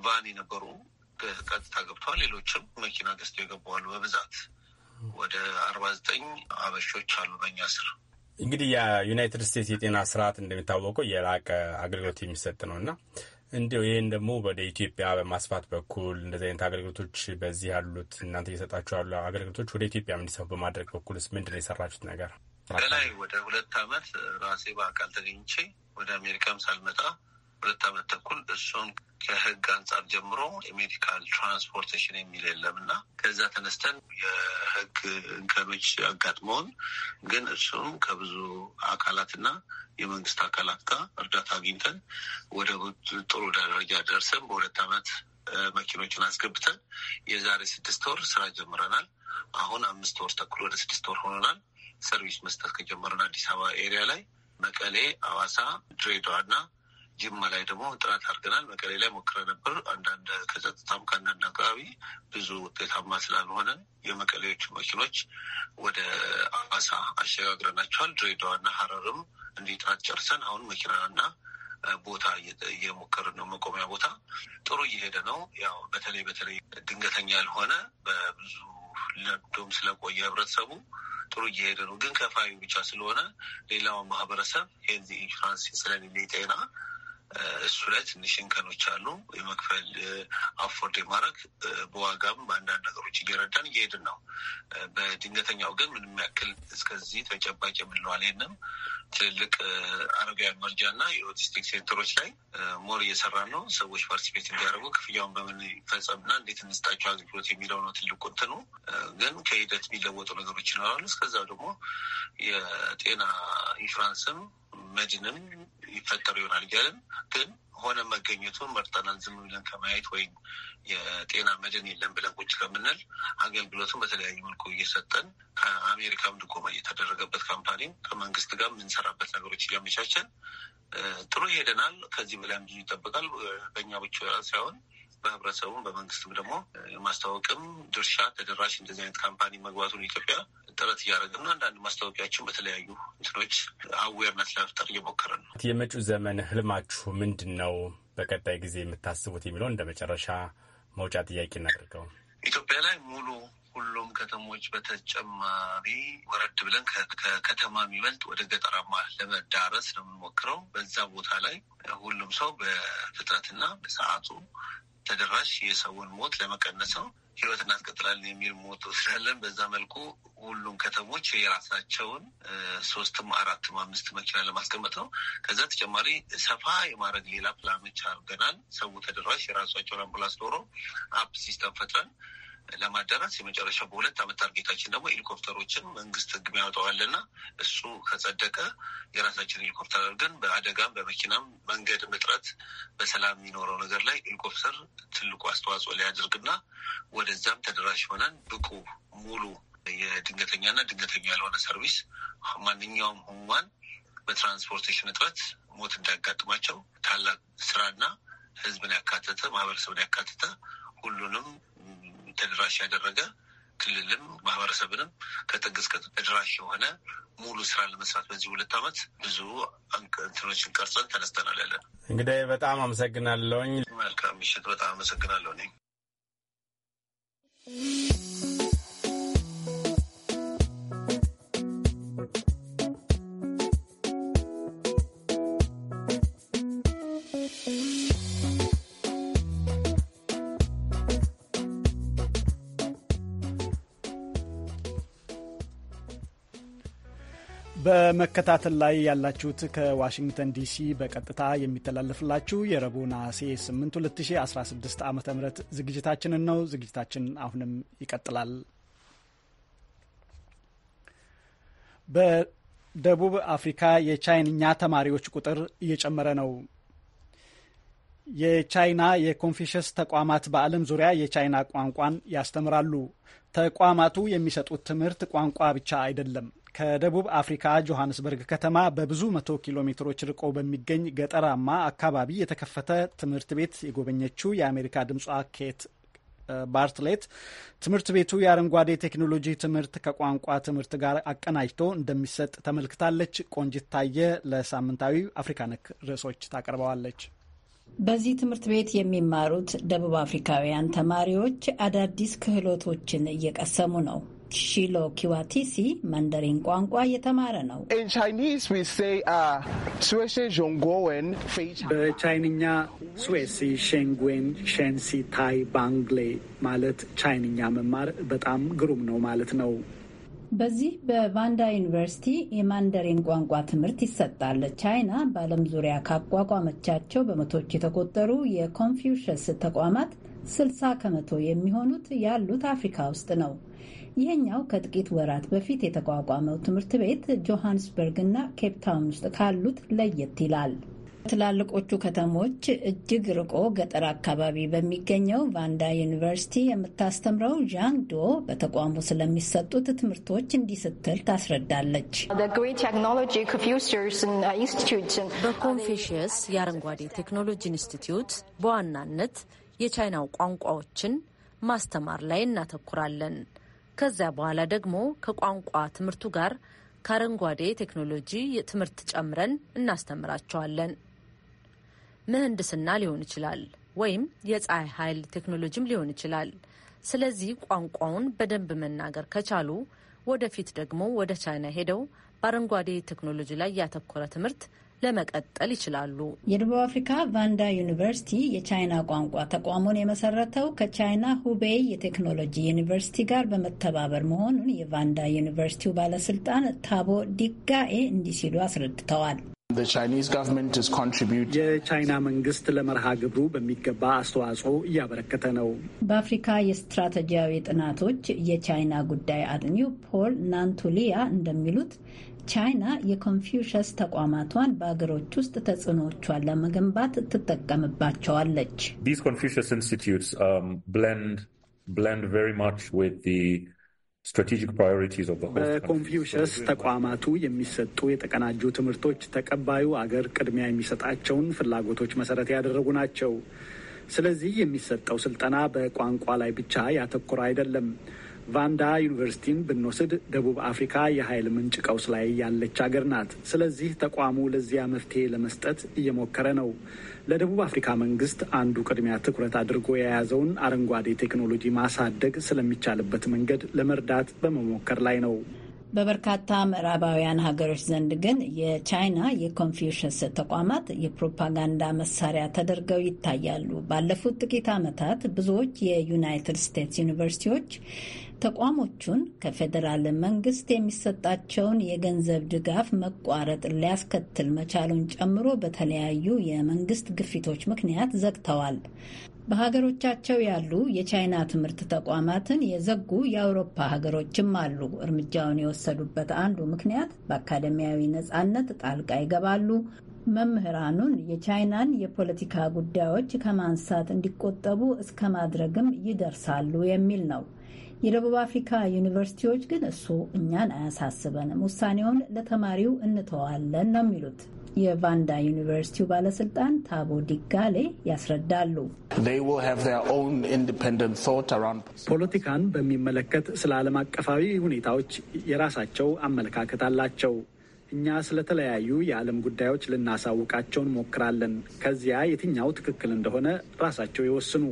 S5: ቫን የነበሩ ቀጥታ ገብተዋል። ሌሎችም መኪና ገዝተው የገባዋሉ በብዛት ወደ አርባ ዘጠኝ አበሾች አሉ በእኛ ስር።
S6: እንግዲህ የዩናይትድ ስቴትስ የጤና ስርዓት እንደሚታወቀው የላቀ አገልግሎት የሚሰጥ ነው እና እንዲሁ ይህን ደግሞ ወደ ኢትዮጵያ በማስፋት በኩል እንደዚህ አይነት አገልግሎቶች በዚህ ያሉት እናንተ እየሰጣችሁ ያሉ አገልግሎቶች ወደ ኢትዮጵያ እንዲሰፉ በማድረግ በኩልስ ምንድን ነው የሰራችሁት ነገር? በላይ ወደ ሁለት አመት ራሴ
S5: በአካል ተገኝቼ ወደ አሜሪካም ሳልመጣ ሁለት ዓመት ተኩል እሱን ከህግ አንጻር ጀምሮ የሜዲካል ትራንስፖርቴሽን የሚል የለም እና ከዛ ተነስተን የህግ እንከኖች አጋጥመውን ግን እሱም ከብዙ አካላትና የመንግስት አካላት ጋር እርዳታ አግኝተን ወደ ጥሩ ደረጃ ደርሰን በሁለት ዓመት መኪኖችን አስገብተን የዛሬ ስድስት ወር ስራ ጀምረናል። አሁን አምስት ወር ተኩል ወደ ስድስት ወር ሆኖናል። ሰርቪስ መስጠት ከጀመረን አዲስ አበባ ኤሪያ ላይ መቀሌ፣ አዋሳ፣ ድሬዳዋ እና ጅማ ላይ ደግሞ ጥናት አድርገናል። መቀሌ ላይ ሞክረ ነበር። አንዳንድ ከጸጥታም ከአንዳንድ አካባቢ ብዙ ውጤታማ ስላልሆነ የመቀሌዎቹ መኪኖች ወደ አዋሳ አሸጋግረናቸዋል። ድሬዳዋና ሀረርም እንዲህ ጥናት ጨርሰን አሁን መኪናና ቦታ እየሞከርን ነው። መቆሚያ ቦታ ጥሩ እየሄደ ነው። ያው በተለይ በተለይ ድንገተኛ ያልሆነ በብዙ ለዶም ስለቆየ ህብረተሰቡ ጥሩ እየሄደ ነው። ግን ከፋዩ ብቻ ስለሆነ ሌላው ማህበረሰብ ሄልዝ ኢንሹራንስ ስለሌለ ጤና እሱ ላይ ትንሽ እንከኖች አሉ። የመክፈል አፎርድ የማድረግ በዋጋም በአንዳንድ ነገሮች እየረዳን እየሄድን ነው። በድንገተኛው ግን ምንም ያክል እስከዚህ ተጨባጭ የምንለዋል አልሄድንም። ትልልቅ አረጋውያን መርጃ እና የኦቲስቲክ ሴንተሮች ላይ ሞር እየሰራን ነው። ሰዎች ፓርቲፔት እንዲያደርጉ ክፍያውን በምን ይፈጸም እና እንዴት እንስጣቸው አገልግሎት የሚለው ነው ትልቁ እንትኑ። ግን ከሂደት የሚለወጡ ነገሮች ይኖራሉ። እስከዛ ደግሞ የጤና ኢንሹራንስም መድንም ይፈጠሩ ይሆናል እያልን ግን ሆነ መገኘቱን መርጠናል። ዝም ብለን ከማየት ወይም የጤና መድን የለም ብለን ቁጭ ከምንል አገልግሎቱን በተለያዩ መልኩ እየሰጠን ከአሜሪካም ድጎማ እየተደረገበት ካምፓኒ ከመንግስት ጋር የምንሰራበት ነገሮች እያመቻቸን ጥሩ ይሄደናል። ከዚህ በላይ ብዙ ይጠበቃል። በእኛ ብቻ ሳይሆን በህብረተሰቡም በመንግስትም ደግሞ የማስታወቅም ድርሻ ተደራሽ እንደዚህ አይነት ካምፓኒ መግባቱን ኢትዮጵያ ጥረት እያደረገ ነው። አንዳንድ ማስታወቂያችን በተለያዩ እንትኖች አዌርነት ለመፍጠር እየሞከረ
S6: ነው። የመጪው ዘመን ህልማችሁ ምንድን ነው? በቀጣይ ጊዜ የምታስቡት የሚለው እንደ መጨረሻ መውጫ ጥያቄ እናደርገው።
S5: ኢትዮጵያ ላይ ሙሉ ሁሉም ከተሞች በተጨማሪ ወረድ ብለን ከከተማ የሚበልጥ ወደ ገጠራማ ለመዳረስ ነው የምንሞክረው። በዛ ቦታ ላይ ሁሉም ሰው በፍጥነትና በሰዓቱ ተደራሽ የሰውን ሞት ለመቀነስ ነው። ህይወት እናስቀጥላለን የሚል ሞት ስላለን በዛ መልኩ ሁሉም ከተሞች የራሳቸውን ሶስትም አራትም አምስት መኪና ለማስቀመጥ ነው። ከዛ ተጨማሪ ሰፋ የማድረግ ሌላ ፕላኖች አድርገናል። ሰው ተደራሽ የራሳቸውን አምቡላንስ ኖሮ አፕ ሲስተም ፈጥረን ለማዳረስ የመጨረሻ በሁለት ዓመት ታርጌታችን ደግሞ ሄሊኮፕተሮችን መንግስት ህግ ያወጣዋልና እሱ ከጸደቀ የራሳችን ሄሊኮፕተር አድርገን በአደጋም በመኪናም መንገድ እጥረት በሰላም የሚኖረው ነገር ላይ ሄሊኮፕተር ትልቁ አስተዋጽኦ ሊያደርግና ወደዛም ተደራሽ ሆነን ብቁ ሙሉ የድንገተኛና ድንገተኛ ያልሆነ ሰርቪስ ማንኛውም ህሙማን በትራንስፖርቴሽን እጥረት ሞት እንዳያጋጥማቸው ታላቅ ስራና ህዝብን ያካተተ ማህበረሰብን ያካተተ ሁሉንም ተደራሽ ያደረገ ክልልም ማህበረሰብንም ከጥግ እስከ ተደራሽ የሆነ ሙሉ ስራ ለመስራት በዚህ ሁለት ዓመት ብዙ እንትኖችን ቀርጸን ተነስተናል። ያለን
S6: እንግዲህ በጣም አመሰግናለውኝ።
S5: መልካም ምሽት። በጣም አመሰግናለሁ እኔ
S1: በመከታተል ላይ ያላችሁት ከዋሽንግተን ዲሲ በቀጥታ የሚተላለፍላችሁ የረቡዕ ነሐሴ 8 2016 ዓ ም ዝግጅታችንን ነው። ዝግጅታችን አሁንም ይቀጥላል። በደቡብ አፍሪካ የቻይንኛ ተማሪዎች ቁጥር እየጨመረ ነው። የቻይና የኮንፌሽስ ተቋማት በዓለም ዙሪያ የቻይና ቋንቋን ያስተምራሉ። ተቋማቱ የሚሰጡት ትምህርት ቋንቋ ብቻ አይደለም። ከደቡብ አፍሪካ ጆሃንስበርግ ከተማ በብዙ መቶ ኪሎ ሜትሮች ርቆ በሚገኝ ገጠራማ አካባቢ የተከፈተ ትምህርት ቤት የጎበኘችው የአሜሪካ ድምጿ ኬት ባርትሌት ትምህርት ቤቱ የአረንጓዴ ቴክኖሎጂ ትምህርት ከቋንቋ ትምህርት ጋር አቀናጅቶ እንደሚሰጥ ተመልክታለች። ቆንጅት ታየ ለሳምንታዊ አፍሪካ ነክ ርዕሶች ታቀርበዋለች።
S9: በዚህ ትምህርት ቤት የሚማሩት ደቡብ አፍሪካውያን ተማሪዎች አዳዲስ ክህሎቶችን እየቀሰሙ ነው። ሺሎ ኪዋቲሲ መንደሪን ቋንቋ የተማረ ነው። በቻይንኛ ስዌሲ
S1: ሼንጉን ሼንሲ ታይ ባንግሌ ማለት ቻይንኛ መማር በጣም ግሩም ነው ማለት ነው።
S9: በዚህ በቫንዳ ዩኒቨርሲቲ የማንደሪን ቋንቋ ትምህርት ይሰጣል። ቻይና በዓለም ዙሪያ ካቋቋመቻቸው በመቶች የተቆጠሩ የኮንፊውሸስ ተቋማት ስልሳ ከመቶ የሚሆኑት ያሉት አፍሪካ ውስጥ ነው። ይህኛው ከጥቂት ወራት በፊት የተቋቋመው ትምህርት ቤት ጆሃንስበርግ እና ኬፕታውን ውስጥ ካሉት ለየት ይላል። ትላልቆቹ ከተሞች እጅግ ርቆ ገጠር አካባቢ በሚገኘው ቫንዳ ዩኒቨርሲቲ የምታስተምረው ዣንዶ ዶ በተቋሙ ስለሚሰጡት ትምህርቶች እንዲህ ስትል ታስረዳለች። በኮንፌሽየስ የአረንጓዴ ቴክኖሎጂ ኢንስቲትዩት በዋናነት የቻይናው ቋንቋዎችን ማስተማር ላይ እናተኩራለን። ከዚያ በኋላ ደግሞ ከቋንቋ ትምህርቱ ጋር ከአረንጓዴ ቴክኖሎጂ ትምህርት ጨምረን እናስተምራቸዋለን። ምህንድስና ሊሆን ይችላል ወይም የፀሐይ ኃይል ቴክኖሎጂም ሊሆን ይችላል። ስለዚህ ቋንቋውን በደንብ መናገር ከቻሉ ወደፊት ደግሞ ወደ ቻይና ሄደው በአረንጓዴ ቴክኖሎጂ ላይ ያተኮረ ትምህርት ለመቀጠል ይችላሉ። የደቡብ አፍሪካ ቫንዳ ዩኒቨርሲቲ የቻይና ቋንቋ ተቋሙን የመሰረተው ከቻይና ሁቤይ የቴክኖሎጂ ዩኒቨርሲቲ ጋር በመተባበር መሆኑን የቫንዳ ዩኒቨርሲቲው ባለስልጣን ታቦ ዲጋኤ እንዲህ ሲሉ አስረድተዋል።
S1: የቻይና መንግስት ለመርሃ ግብሩ በሚገባ አስተዋጽኦ እያበረከተ ነው።
S9: በአፍሪካ የስትራቴጂያዊ ጥናቶች የቻይና ጉዳይ አጥኚው ፖል ናንቱሊያ እንደሚሉት ቻይና የኮንፊውሸስ ተቋማቷን በአገሮች ውስጥ ተጽዕኖቿን ለመገንባት ትጠቀምባቸዋለች።
S8: um, በኮንፊውሸስ
S1: ተቋማቱ የሚሰጡ የተቀናጁ ትምህርቶች ተቀባዩ አገር ቅድሚያ የሚሰጣቸውን ፍላጎቶች መሰረት ያደረጉ ናቸው። ስለዚህ የሚሰጠው ስልጠና በቋንቋ ላይ ብቻ ያተኮረ አይደለም። ቫንዳ ዩኒቨርሲቲን ብንወስድ ደቡብ አፍሪካ የኃይል ምንጭ ቀውስ ላይ ያለች ሀገር ናት። ስለዚህ ተቋሙ ለዚያ መፍትሄ ለመስጠት እየሞከረ ነው። ለደቡብ አፍሪካ መንግስት አንዱ ቅድሚያ ትኩረት አድርጎ የያዘውን አረንጓዴ ቴክኖሎጂ ማሳደግ ስለሚቻልበት መንገድ ለመርዳት በመሞከር ላይ ነው።
S9: በበርካታ ምዕራባውያን ሀገሮች ዘንድ ግን የቻይና የኮንፊውሽስ ተቋማት የፕሮፓጋንዳ መሳሪያ ተደርገው ይታያሉ። ባለፉት ጥቂት ዓመታት ብዙዎች የዩናይትድ ስቴትስ ዩኒቨርሲቲዎች ተቋሞቹን ከፌዴራል መንግስት የሚሰጣቸውን የገንዘብ ድጋፍ መቋረጥ ሊያስከትል መቻሉን ጨምሮ በተለያዩ የመንግስት ግፊቶች ምክንያት ዘግተዋል። በሀገሮቻቸው ያሉ የቻይና ትምህርት ተቋማትን የዘጉ የአውሮፓ ሀገሮችም አሉ። እርምጃውን የወሰዱበት አንዱ ምክንያት በአካደሚያዊ ነጻነት ጣልቃ ይገባሉ መምህራኑን የቻይናን የፖለቲካ ጉዳዮች ከማንሳት እንዲቆጠቡ እስከ ማድረግም ይደርሳሉ የሚል ነው። የደቡብ አፍሪካ ዩኒቨርሲቲዎች ግን እሱ እኛን አያሳስበንም፣ ውሳኔውን ለተማሪው እንተዋለን ነው የሚሉት። የቫንዳ ዩኒቨርሲቲው ባለስልጣን ታቦ ዲጋሌ ያስረዳሉ።
S1: ፖለቲካን በሚመለከት ስለ ዓለም አቀፋዊ ሁኔታዎች የራሳቸው አመለካከት አላቸው። እኛ ስለተለያዩ የዓለም ጉዳዮች ልናሳውቃቸው እንሞክራለን። ከዚያ የትኛው ትክክል እንደሆነ ራሳቸው
S8: ይወስኑ።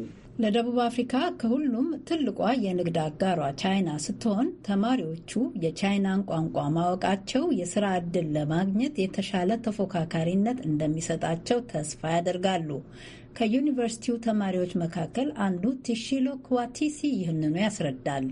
S9: ለደቡብ አፍሪካ ከሁሉም ትልቋ የንግድ አጋሯ ቻይና ስትሆን ተማሪዎቹ የቻይናን ቋንቋ ማወቃቸው የስራ ዕድል ለማግኘት የተሻለ ተፎካካሪነት እንደሚሰጣቸው ተስፋ ያደርጋሉ። ከዩኒቨርሲቲው ተማሪዎች መካከል አንዱ ቲሺሎ ክዋቲሲ ይህንኑ ያስረዳል።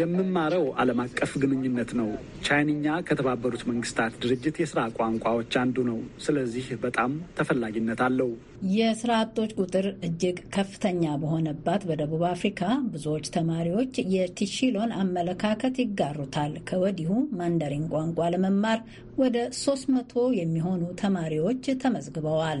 S1: የምማረው ዓለም አቀፍ ግንኙነት ነው። ቻይንኛ ከተባበሩት መንግስታት ድርጅት የስራ ቋንቋዎች አንዱ ነው። ስለዚህ በጣም ተፈላጊነት አለው።
S9: የስራ አጦች ቁጥር እጅግ ከፍተኛ በሆነባት በደቡብ አፍሪካ ብዙዎች ተማሪዎች የቲሺሎን አመለካከት ይጋሩታል። ከወዲሁ ማንደሪን ቋንቋ ለመማር ወደ ሶስት መቶ የሚሆኑ ተማሪዎች ተመዝግበዋል።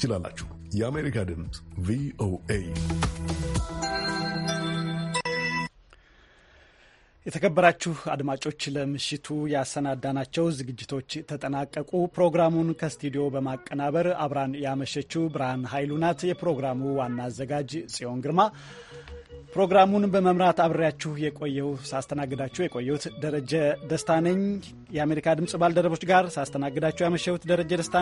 S4: ትችላላችሁ። የአሜሪካ ድምፅ ቪኦኤ። የተከበራችሁ
S1: አድማጮች ለምሽቱ ያሰናዳናቸው ዝግጅቶች ተጠናቀቁ። ፕሮግራሙን ከስቱዲዮ በማቀናበር አብራን ያመሸችው ብርሃን ኃይሉ ናት። የፕሮግራሙ ዋና አዘጋጅ ጽዮን ግርማ፣ ፕሮግራሙን በመምራት አብሬያችሁ የቆየው ሳስተናግዳችሁ የቆየሁት ደረጀ ደስታ ነኝ። የአሜሪካ ድምፅ ባልደረቦች ጋር ሳስተናግዳችሁ ያመሸሁት ደረጀ ደስታ